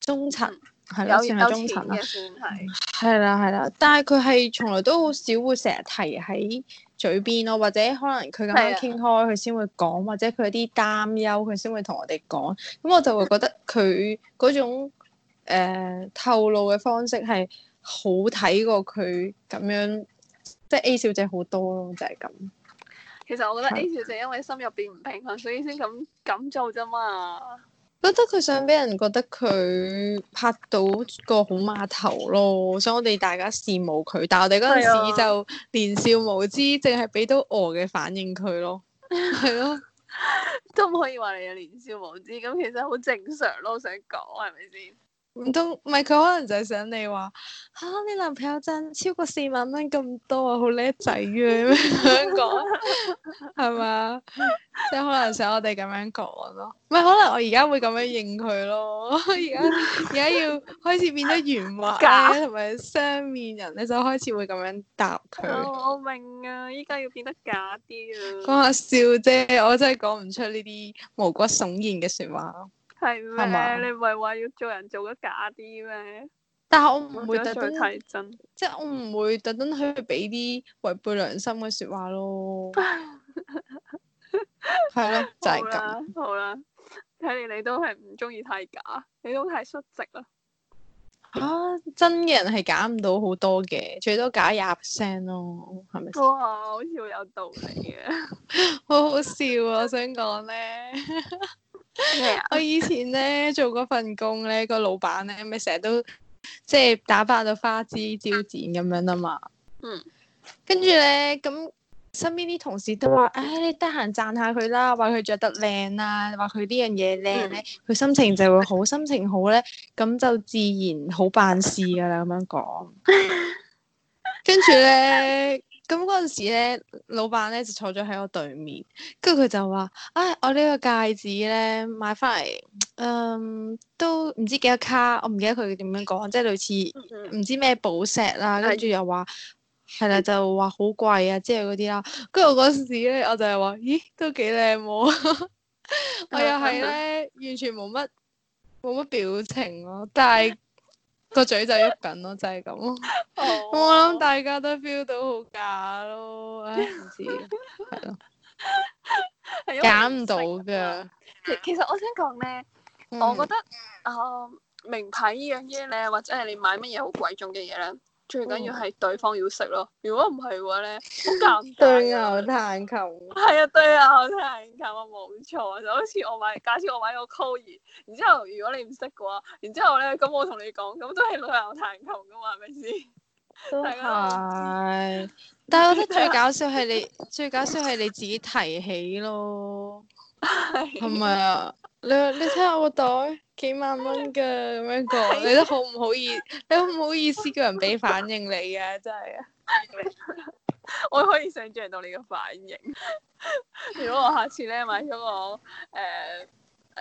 中層。嗯。係啦，算係中層啦，係係啦係啦，但係佢係從來都好少會成日提喺嘴邊咯，或者可能佢咁樣傾開佢先會講，或者佢有啲擔憂佢先會同我哋講，咁我就會覺得佢嗰種、呃、透露嘅方式係好睇過佢咁樣，即係 A 小姐好多咯，就係、是、咁。其實我覺得 A 小姐因為心入邊唔平衡，的所以先咁咁做啫嘛。覺得佢想俾人覺得佢拍到個好碼頭咯，所以我哋大家羨慕佢。但係我哋嗰陣時就年少無知，啊、 (laughs) 無知，淨係俾到我嘅反應佢咯，係咯，都唔可以話你係年少無知，咁其實好正常咯，我想講係咪先？唔通，唔係佢可能就係想你話吓，啊，你男朋友真超過四萬蚊咁多啊，好叻仔啊，咁樣講係咪即係可能想我哋咁樣講咯，唔係可能我而家會咁樣應佢咯。而家而家要開始變得圓滑，同埋雙面人你就開始會咁樣答佢。哦，我明啊，依家要變得假啲啊。講下笑啫，我真係講唔出呢啲毛骨悚然嘅說話。係咩？嗎你唔係話要做人做得假啲咩？但係我唔會特登太真，地即係我唔會特登去俾啲違背良心嘅說話咯。係咯， (laughs) 就係、是、咁。好啦，睇嚟你都係唔中意太假，你都太率直啦。吓、啊，真嘅人係假唔到好多嘅，最多假廿 percent 咯，係咪先？哇、哦，好似好有道理嘅， (laughs) 好好笑啊！我 (laughs) 想講咧。 (laughs) (laughs) 我以前咧做嗰份工咧，個老闆咧咪成日都即係打扮到花枝招展咁樣啊嘛。嗯，跟住咧咁，身邊啲同事都話：，誒、哎，你讚得閒讚下佢啦，話佢着得靚啦，話佢呢樣嘢靚咧，佢心情就會好，心情好咧，咁就自然好辦事噶啦。咁樣講， (laughs) 跟住咧。咁嗰陣時咧，老闆咧就坐咗喺我對面，跟住佢就話：，唉、哎，我呢個戒指咧買翻嚟，嗯，都唔知幾多卡，我唔記得佢點樣講，即係類似唔知咩寶石啦、啊，跟住又話，係啦的，就話好貴啊，即係嗰啲啦。跟住我嗰陣時咧，我就係話：咦，都幾靚喎、啊！ (laughs) 我又係咧，完全冇乜冇乜表情咯、啊，但係。個嘴就喐緊咯，就係咁咯。 (noise) (noise) 噢 (laughs) 我諗大家都 feel 到好假咯，唉，唔知。係咯 (laughs) 了，揀唔到㗎。其其實我想講咧，嗯、我覺得啊、呃、名牌呢樣嘢咧，或者係你買乜嘢好貴重嘅嘢咧。最緊要係對方要識咯，如果唔係嘅話咧，好簡單啊！對牛彈琴係啊，對牛彈琴啊，冇錯。就好似我買，假使我買個 Chloe，然之後如果你唔識嘅話，然之後咧咁我同你講，咁都係對牛彈琴噶嘛，係咪先？都係是， (laughs) 但係我覺得最搞笑係你， (laughs) 最搞笑係你自己提起咯，係唔係啊？你你睇下我個袋幾萬蚊噶，咁樣講，你都好唔好意，你都唔好意思叫人俾反應你嘅、啊，真係，我可以想象到你嘅反應。如果我下次咧買咗個誒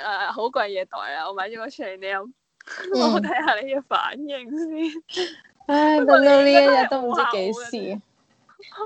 誒好貴嘢袋啊，我買咗個 Chanel，、嗯、我睇下你嘅反應先。唉，到到呢一日都唔知幾時。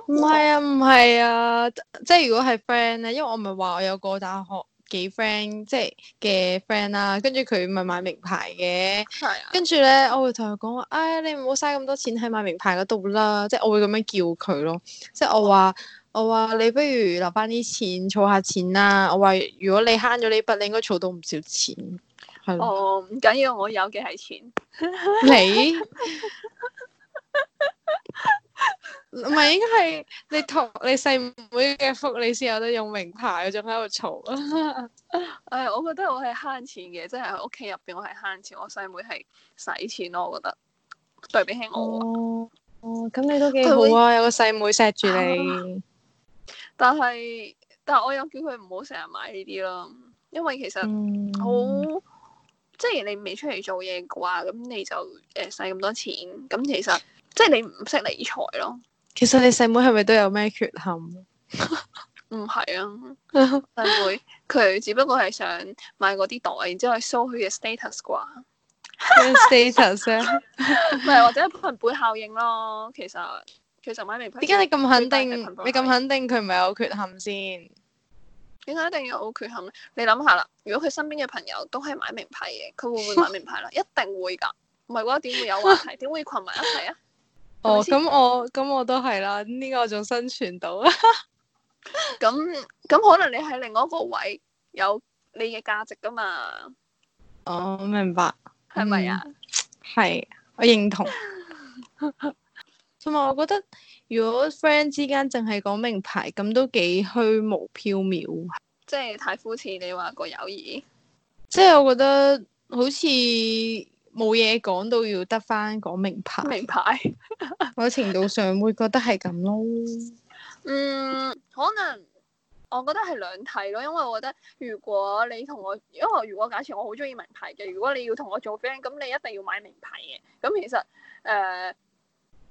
唔係啊，唔係好啊，啊，即係如果係 friend 咧，因為我唔係話我有個大學。幾 friend 即係嘅 friend 啦、啊，跟住佢咪買名牌嘅，啊、跟住咧我會同佢講話，唉、哎，你唔好嘥咁多錢喺買名牌嗰度啦，即係我會咁樣叫佢咯，即係我話、哦、我話你不如留翻啲錢儲下錢啦，我話如果你慳咗呢筆，你應該儲到唔少錢，係咯，哦，唔緊要，我有嘅係錢， (laughs) 你。 (laughs) 唔係應該係你同你細妹嘅福利，先有得用名牌。我仲喺度嘈。誒、 (laughs) 哎，我覺得我係慳錢嘅，即係喺屋企入邊，我係慳錢。我細妹係使錢咯，我覺得對比起我。哦，咁、哦、你都幾好啊！立有個細妹錫住你。但係、啊，但係我又叫佢唔好成日買呢啲咯，因為其實好，嗯、即係你未出嚟做嘢嘅話，咁你就誒使咁多錢，咁其實即係、就是、你唔識理財咯。其實你細妹係咪都有咩缺陷？唔係啊，細妹佢只不過係想買嗰啲袋，然之後 show 佢嘅 status 啩？status 啊，唔係或者群本效應咯。其實其實買名牌。點解你咁肯定？你咁肯定佢唔係有缺陷先？點解一定要有缺陷？你諗下啦，如果佢身邊嘅朋友都係買名牌嘅，佢會唔會買名牌啦？一定會噶，唔係嘅話點會有話題？點會群埋一齊啊？哦，咁我咁我都係啦，呢、這個我仲生存到啊！咁 (laughs) 咁 (laughs) 可能你喺另外一個位有你嘅價值噶嘛？哦，明白，係咪啊？係、嗯，我認同。同 (laughs) 埋， (laughs) 我覺得如果 friend 之間淨係講名牌，咁都幾虛無縹緲，即係太膚淺。你話個友誼，即係我覺得好似。冇嘢講都要得翻講名牌，名牌某 (laughs) 程度上會覺得係咁咯。嗯，可能我覺得係兩睇咯，因為我覺得如果你同我，因為如果假設我好中意名牌嘅，如果你要同我做 friend，咁你一定要買名牌嘅。咁其實誒呢、呃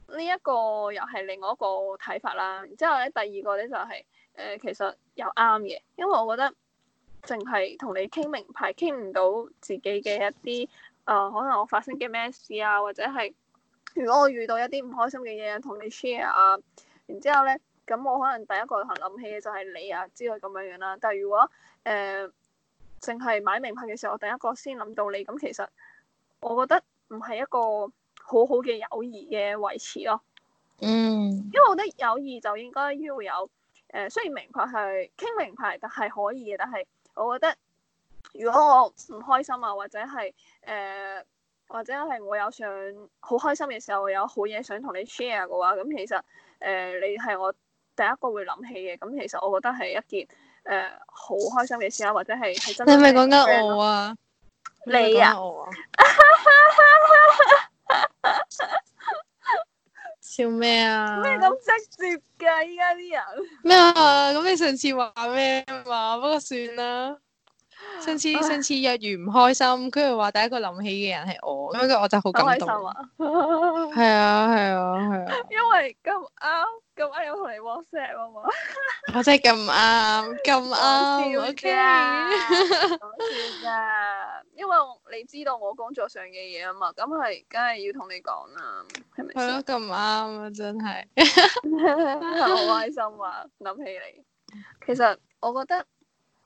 呢個、一個又係另外一個睇法啦。然之後咧，第二個咧就係、係、誒、呃、其實又啱嘅，因為我覺得淨係同你傾名牌傾唔到自己嘅一啲。啊，uh, 可能我發生嘅咩事啊，或者係如果我遇到一啲唔開心嘅嘢，同你 share 啊，然之後咧，咁我可能第一個諗起嘅就係你啊之類咁樣樣啦、啊。但係如果誒淨係買名牌嘅時候，我第一個先諗到你，咁其實我覺得唔係一個好好嘅友誼嘅維持咯。嗯，mm. 因為我覺得友誼就應該要有誒、呃，雖然名牌係傾名牌，但係可以嘅，但係我覺得。如果我唔開心啊，或者係誒、呃，或者係我有想好開心嘅時候，有好嘢想同你 share 嘅話，咁、嗯、其實誒、呃，你係我第一個會諗起嘅，咁、嗯、其實我覺得係一件誒好、呃、開心嘅事啊，或者係係真。你係咪講緊我啊？你啊？笑咩啊？咩咁直接噶？依家啲人咩啊？咁你上次話咩話？不過算啦。上次上次一遇唔開心，跟住話第一個諗起嘅人係我，咁樣我就好感動開心啊！係啊係啊係啊！啊啊啊因為咁啱咁啱有同你 WhatsApp 啊嘛，我真係咁啱咁啱，OK。講笑噶，因為你知道我工作上嘅嘢啊嘛，咁係梗係要同你講啦，係咪先？係咯，咁啱啊，真係好 (laughs) (laughs) 開心啊！諗起你，其實我覺得。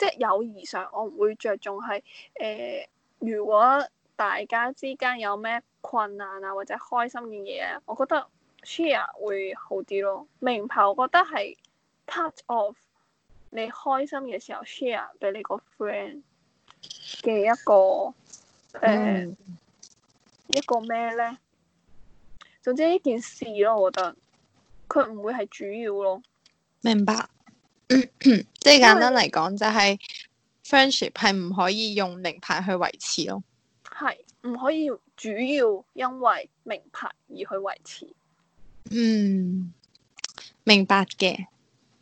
即係友誼上，我唔會着重係誒、呃，如果大家之間有咩困難啊，或者開心嘅嘢，我覺得 share 會好啲咯。明白，我覺得係 part of 你開心嘅時候 share 俾你個 friend 嘅一個誒、呃嗯、一個咩咧？總之呢件事咯，我覺得佢唔會係主要咯。明白。 (coughs) 即係簡單嚟講，就是，就係 friendship 係唔可以用名牌去維持咯，係唔可以主要因為名牌而去維持。嗯，明白嘅。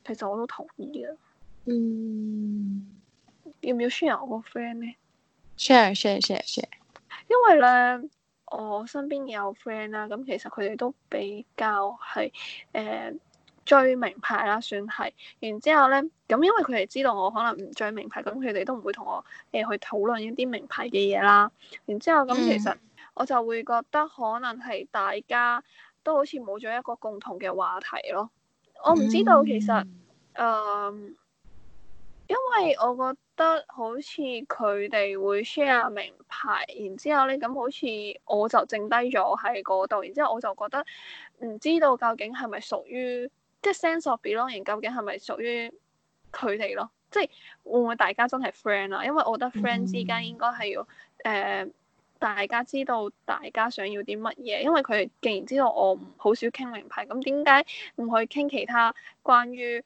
其實我都同意嘅。嗯，要唔要 share 我個 friend 咧？share share share share。因為咧，我身邊有 friend 啦，咁其實佢哋都比較係誒。呃追名牌啦，算係。然之後咧，咁因為佢哋知道我可能唔追名牌，咁佢哋都唔會同我誒、呃、去討論一啲名牌嘅嘢啦。然之後咁，其實我就會覺得可能係大家都好似冇咗一個共同嘅話題咯。我唔知道其實誒、嗯呃，因為我覺得好似佢哋會 share 名牌，然之後咧，咁好似我就剩低咗喺嗰度。然之後我就覺得唔知道究竟係咪屬於。即係 sense of belonging 究竟係咪屬於佢哋咯？即係會唔會大家真係 friend 啦、啊？因為我覺得 friend 之間應該係要誒、呃、大家知道大家想要啲乜嘢。因為佢哋既然知道我唔好少傾名牌，咁點解唔去傾其他關於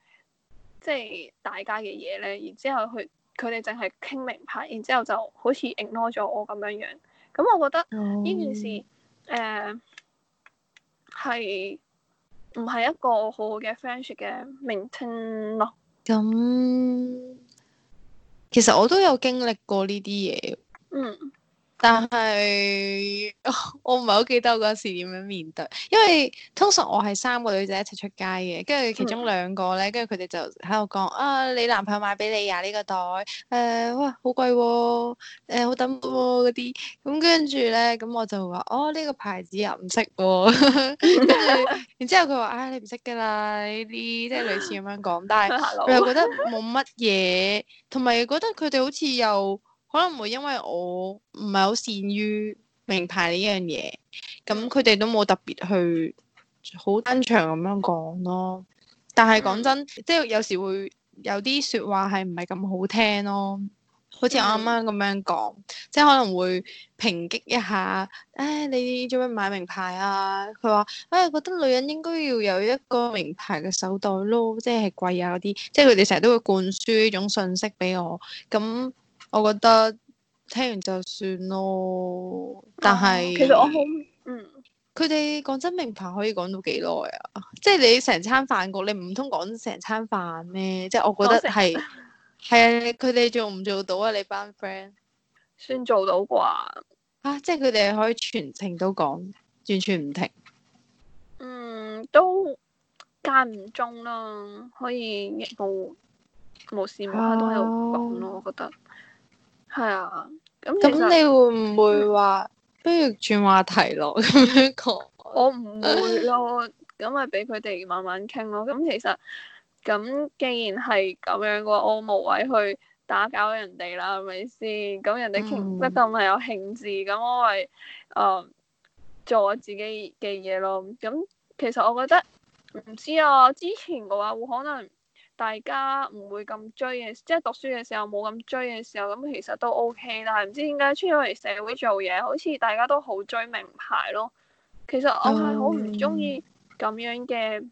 即係大家嘅嘢咧？然之後佢佢哋淨係傾名牌，然之後就好似 ignore 咗我咁樣樣。咁我覺得呢 No. 件事誒係。呃唔係一個好好嘅 friendship 嘅名稱咯。咁其實我都有經歷過呢啲嘢。嗯。但係我唔係好記得我嗰時點樣面對，因為通常我係三個女仔一齊出街嘅，跟住其中兩個咧，跟住佢哋就喺度講啊，你男朋友買俾你呀、啊、呢、呢個袋，誒、呃、哇好貴，誒好、啊呃、等嗰啲、啊，咁跟住咧，咁、嗯嗯、我就話哦呢、呢個牌子又唔識、啊，跟 (laughs) 住，然之後佢話啊，你唔識噶啦呢啲，即係、就是、類似咁樣講，但係我又覺得冇乜嘢，同埋覺得佢哋好似又。可能會因為我唔係好善於名牌呢樣嘢，咁佢哋都冇特別去好登場咁樣講咯。但係講真，即係有時會有啲説話係唔係咁好聽咯。好似我阿媽咁樣講，即係可能會抨擊一下，誒、哎、你做咩買名牌啊？佢話，誒，覺得女人應該要有一個名牌嘅手袋咯，即係貴啊嗰啲，即係佢哋成日都會灌輸呢種信息俾我咁。我覺得聽完就算咯，但係其實我好，嗯，佢哋講真名牌可以講到幾耐啊？即係你成餐飯局，你唔通講成餐飯咩？即係我覺得係係啊，佢哋 (laughs) 做唔做到啊？你班 friend 算做到啩？吓、啊，即係佢哋可以全程都講，完全唔停。嗯，都間唔中啦，可以一無事無時無刻都喺度講咯，哦、我覺得。係啊，咁咁你會唔會話不如轉話題咯？咁樣講，我唔會咯，咁咪俾佢哋慢慢傾咯。咁其實，咁既然係咁樣嘅話，我無謂去打攪人哋啦，係咪先？咁人哋傾得咁係有興致，咁、嗯、我咪誒、呃、做我自己嘅嘢咯。咁其實我覺得唔知啊，之前嘅話會可能。大家唔會咁追嘅，即係讀書嘅時候冇咁追嘅時候，咁其實都 OK。但係唔知點解出咗嚟社會做嘢，好似大家都好追名牌咯。其實我係好唔中意咁樣嘅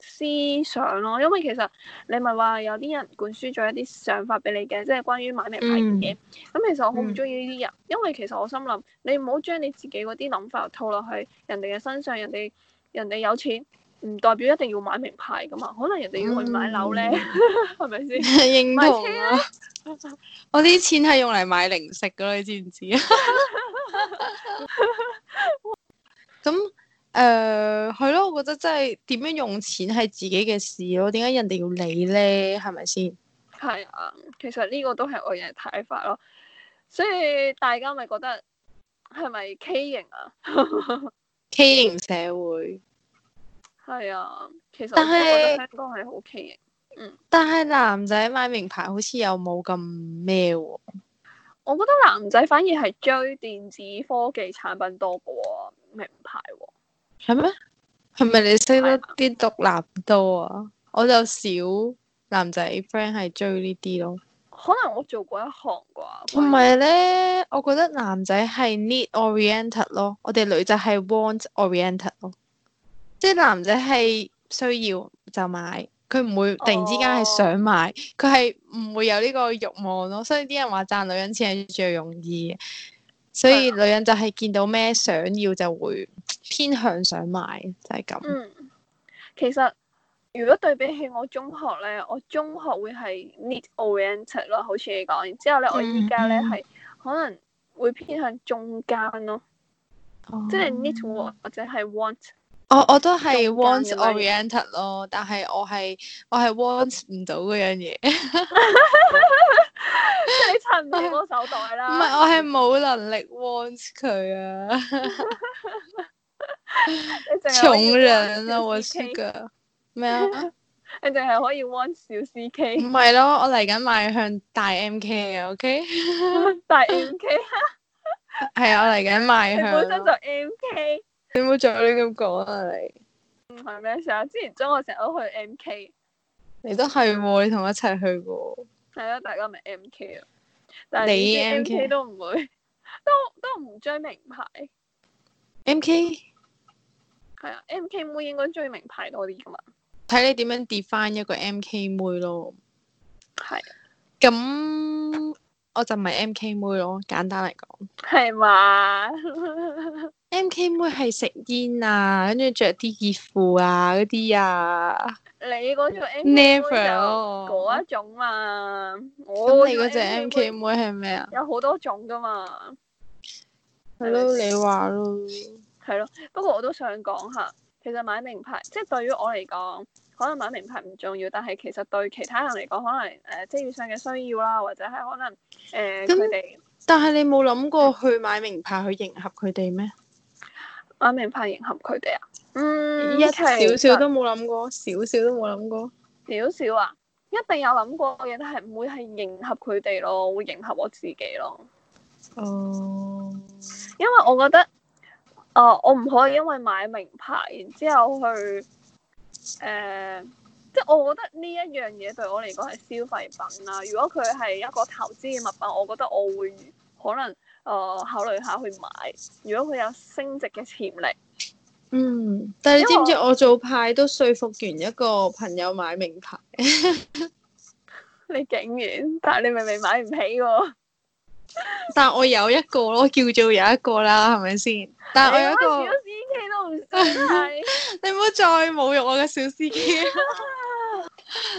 思想咯，因為其實你咪話有啲人灌輸咗一啲想法俾你嘅，即係關於買名牌嘅嘢。咁、嗯、其實我好唔中意呢啲人，因為其實我心諗，嗯、你唔好將你自己嗰啲諗法套落去人哋嘅身上，人哋人哋有錢。唔代表一定要買名牌噶嘛，可能人哋要去買樓咧，係咪先？ (laughs) 是是認同啊！ (laughs) 我啲錢係用嚟買零食噶啦，你知唔知啊？咁誒，係、呃、咯，我覺得真係點樣用錢係自己嘅事咯，點解人哋要理咧？係咪先？係啊，其實呢個都係我嘅睇法咯。所以大家咪覺得，係咪畸型啊？畸 (laughs) 型社會。係啊，其實都係好奇型。嗯，但係男仔買名牌好似又冇咁咩喎？我覺得男仔反而係追電子科技產品多過、啊、名牌喎、啊。係咩？係咪你識得啲毒男多啊？我就少男仔 friend 係追呢啲咯。可能我做過一行啩。同埋咧，我覺得男仔係 need oriented 咯，我哋女仔係 want oriented 咯。即係男仔係需要就買，佢唔會突然之間係想買，佢係唔會有呢個慾望咯。所以啲人話賺女人錢係最容易。所以女人就係見到咩想要就會偏向想買，就係咁。嗯，其實如果對比起我中學咧，我中學會係 need oriented 咯，好似你講。然之後咧，我依家咧係可能會偏向中間咯，oh. 即係 need or 或者係 want。我我都係 wants oriental 咯，但係我係我係 wants 唔到嗰樣嘢。你襯唔起我手袋啦！唔係我係冇能力 wants 佢啊！窮人啊，Walter！咩啊？你淨係可以 wants 小 CK？唔係咯，我嚟緊邁向大 MK 啊，OK？大 MK 係啊，嚟緊邁向本身就 MK。你冇再亂咁講啦！你唔係咩事啊？之前中我成日都去 MK，你都係喎，你同我一齊去過，係咯，大家咪 MK 咯。但係你 MK 都唔會，都都唔追名牌。MK 係啊，MK 妹應該追名牌多啲噶嘛。睇你點樣 define 一個 MK 妹咯。係咁。我就唔係 MK 妹咯，簡單嚟講。係嘛？MK 妹係食煙啊，跟住着啲熱褲啊嗰啲啊。你嗰種 MK 妹就嗰一種嘛。我覺得你嗰隻 MK 妹係咩啊？有好多種㗎嘛。係咯，你話咯。係咯，不過我都想講下，其實買名牌，即係對於我嚟講。可能買名牌唔重要，但係其實對其他人嚟講，可能誒職業上嘅需要啦，或者係可能誒佢哋。呃、但係們你冇諗過去買名牌去迎合佢哋咩？買名牌迎合佢哋啊？嗯，為一齊少少都冇諗過，少少是都冇諗過，少少、嗯、啊？一定有諗過嘅，但係唔會係迎合佢哋咯，會迎合我自己咯。哦、嗯。因為我覺得，啊、呃，我唔可以因為買名牌，然之後去。誒，uh, 即係我覺得呢一樣嘢對我嚟講係消費品啦、啊。如果佢係一個投資嘅物品，我覺得我會可能誒、呃、考慮下去買。如果佢有升值嘅潛力。嗯，但係你知唔知我做派都說服完一個朋友買名牌？ (laughs) 你竟然？但係你明明買唔起喎。 (laughs) 但係我有一個咯，叫做有一個啦，係咪先？但我有一個。係， (laughs) 你唔好再侮辱我嘅小 CK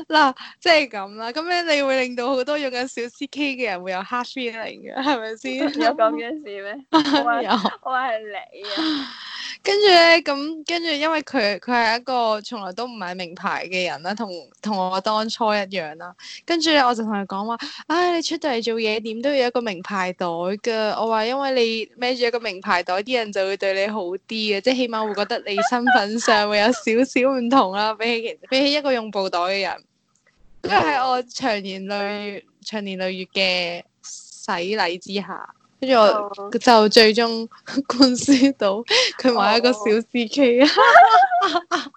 嗱 (laughs) Yeah. (laughs) 即係咁啦，咁樣你會令到好多用緊小 CK 嘅人會有 hard feeling 嘅，係咪先？有咁嘅事咩？我話有我話係你啊！ (laughs) 跟住咧，咁跟住，因為佢佢係一個從來都唔買名牌嘅人啦，同同我當初一樣啦。跟住我就同佢講話，唉、哎，你出到嚟做嘢，點都要有一個名牌袋噶。我話，因為你孭住一個名牌袋，啲人就會對你好啲嘅，即係起碼會覺得你身份上會有少少唔同啦， (laughs) 比起比起一個用布袋嘅人。咁喺我長年累月長年累月嘅洗禮之下。跟住我就最終灌輸到佢買一個小 CK 啊，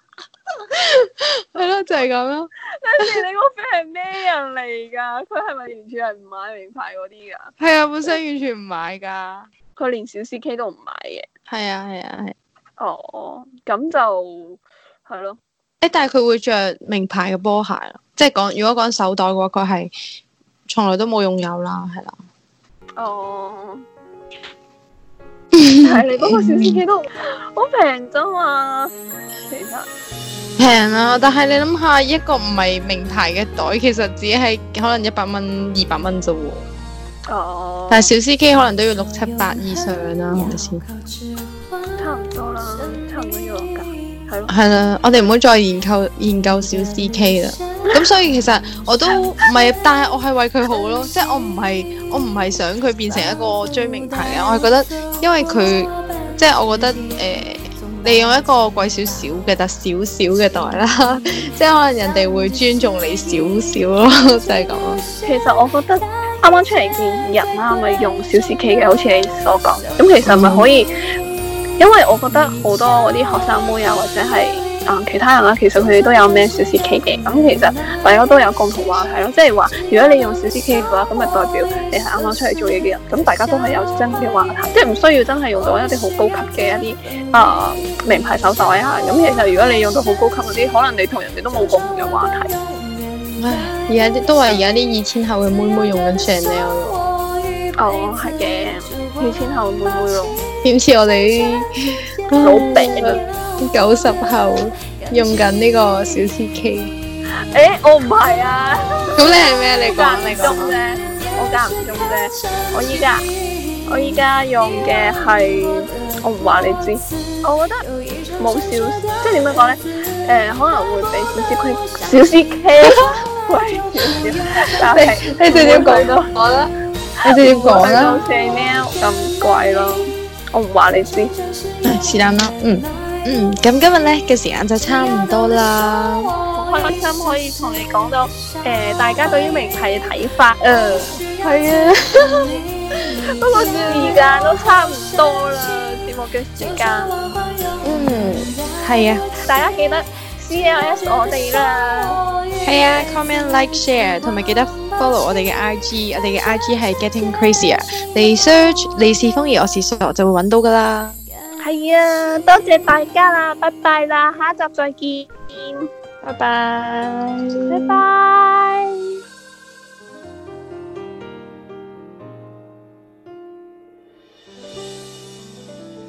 係咯，就係咁咯。嗱， (laughs) 你你個 friend 係咩人嚟㗎？佢係咪完全係唔買名牌嗰啲㗎？係啊，本身完全唔買㗎。佢連小 CK 都唔買嘅。係啊，係啊，係、啊。哦、oh，咁就係咯。誒、欸，但係佢會着名牌嘅波鞋咯。即係講，如果講手袋嘅話，佢係從來都冇擁有啦，係啦、啊。哦，oh. (laughs) (laughs) 但係你嗰個小司 k 都好平啫嘛，其實 (music) (music) 平啊！但係你諗下一個唔係名牌嘅袋，其實只係可能一百蚊、二百蚊啫喎。哦，oh. 但係小司 k 可能都要六七百以上啦，好似差唔多啦，差唔多。係啦，我哋唔好再研究研究小 CK 啦。咁所以其實我都唔係，但係我係為佢好咯。即係我唔係我唔係想佢變成一個追名牌嘅，我係覺得因為佢即係我覺得誒、利、呃、用一個貴少少嘅，但少少嘅袋啦，即係可能人哋會尊重你少少咯，就係、是、咁。其實我覺得啱啱出嚟見人啦、啊，咪用小 CK 嘅，好似你所講嘅。咁其實咪可以。嗯因為我覺得好多嗰啲學生妹啊，或者係、嗯、其他人啊，其實佢哋都有咩小 CK 嘅，咁其實大家都有共同話題咯。即係話如果你用小 CK 嘅話，咁咪代表你係啱啱出嚟做嘢嘅人，咁大家都係有真啲話題，即係唔需要真係用到一啲好高級嘅一啲、呃、名牌手袋啊。咁其實如果你用到好高級嗰啲，可能你同人哋都冇共同嘅話題。唉，而家啲都係，而家啲二千後嘅妹妹用緊 Chanel。哦，係嘅，二千後嘅妹妹用。好似我哋啲好窮嘅九十後用緊呢個小 CK，誒我唔係啊，咁你係咩？你講你講，我間唔中啫，我依家我依家用嘅係我唔話你知，我覺得冇小即係點樣講咧，誒可能會比小 CK 小 CK 貴少少，你你仲點講多？你仲點講啊？咁貴咯～我唔話你知，是但啦，嗯嗯，咁今日呢嘅時間就差唔多啦，好開心可以同你講到，誒，大家對於名牌嘅睇法，誒，係啊，不過時間都差唔多啦，節目嘅時間，嗯，係啊，大家記得 C L S 我哋啦，係啊，comment like share 同埋記得。follow 我哋嘅 IG，我哋嘅 IG 係 getting crazier。你 search 李氏風兒，我是蘇，就會揾到噶啦。係啊，多謝大家啦，拜拜啦，下集再見，拜拜，拜拜。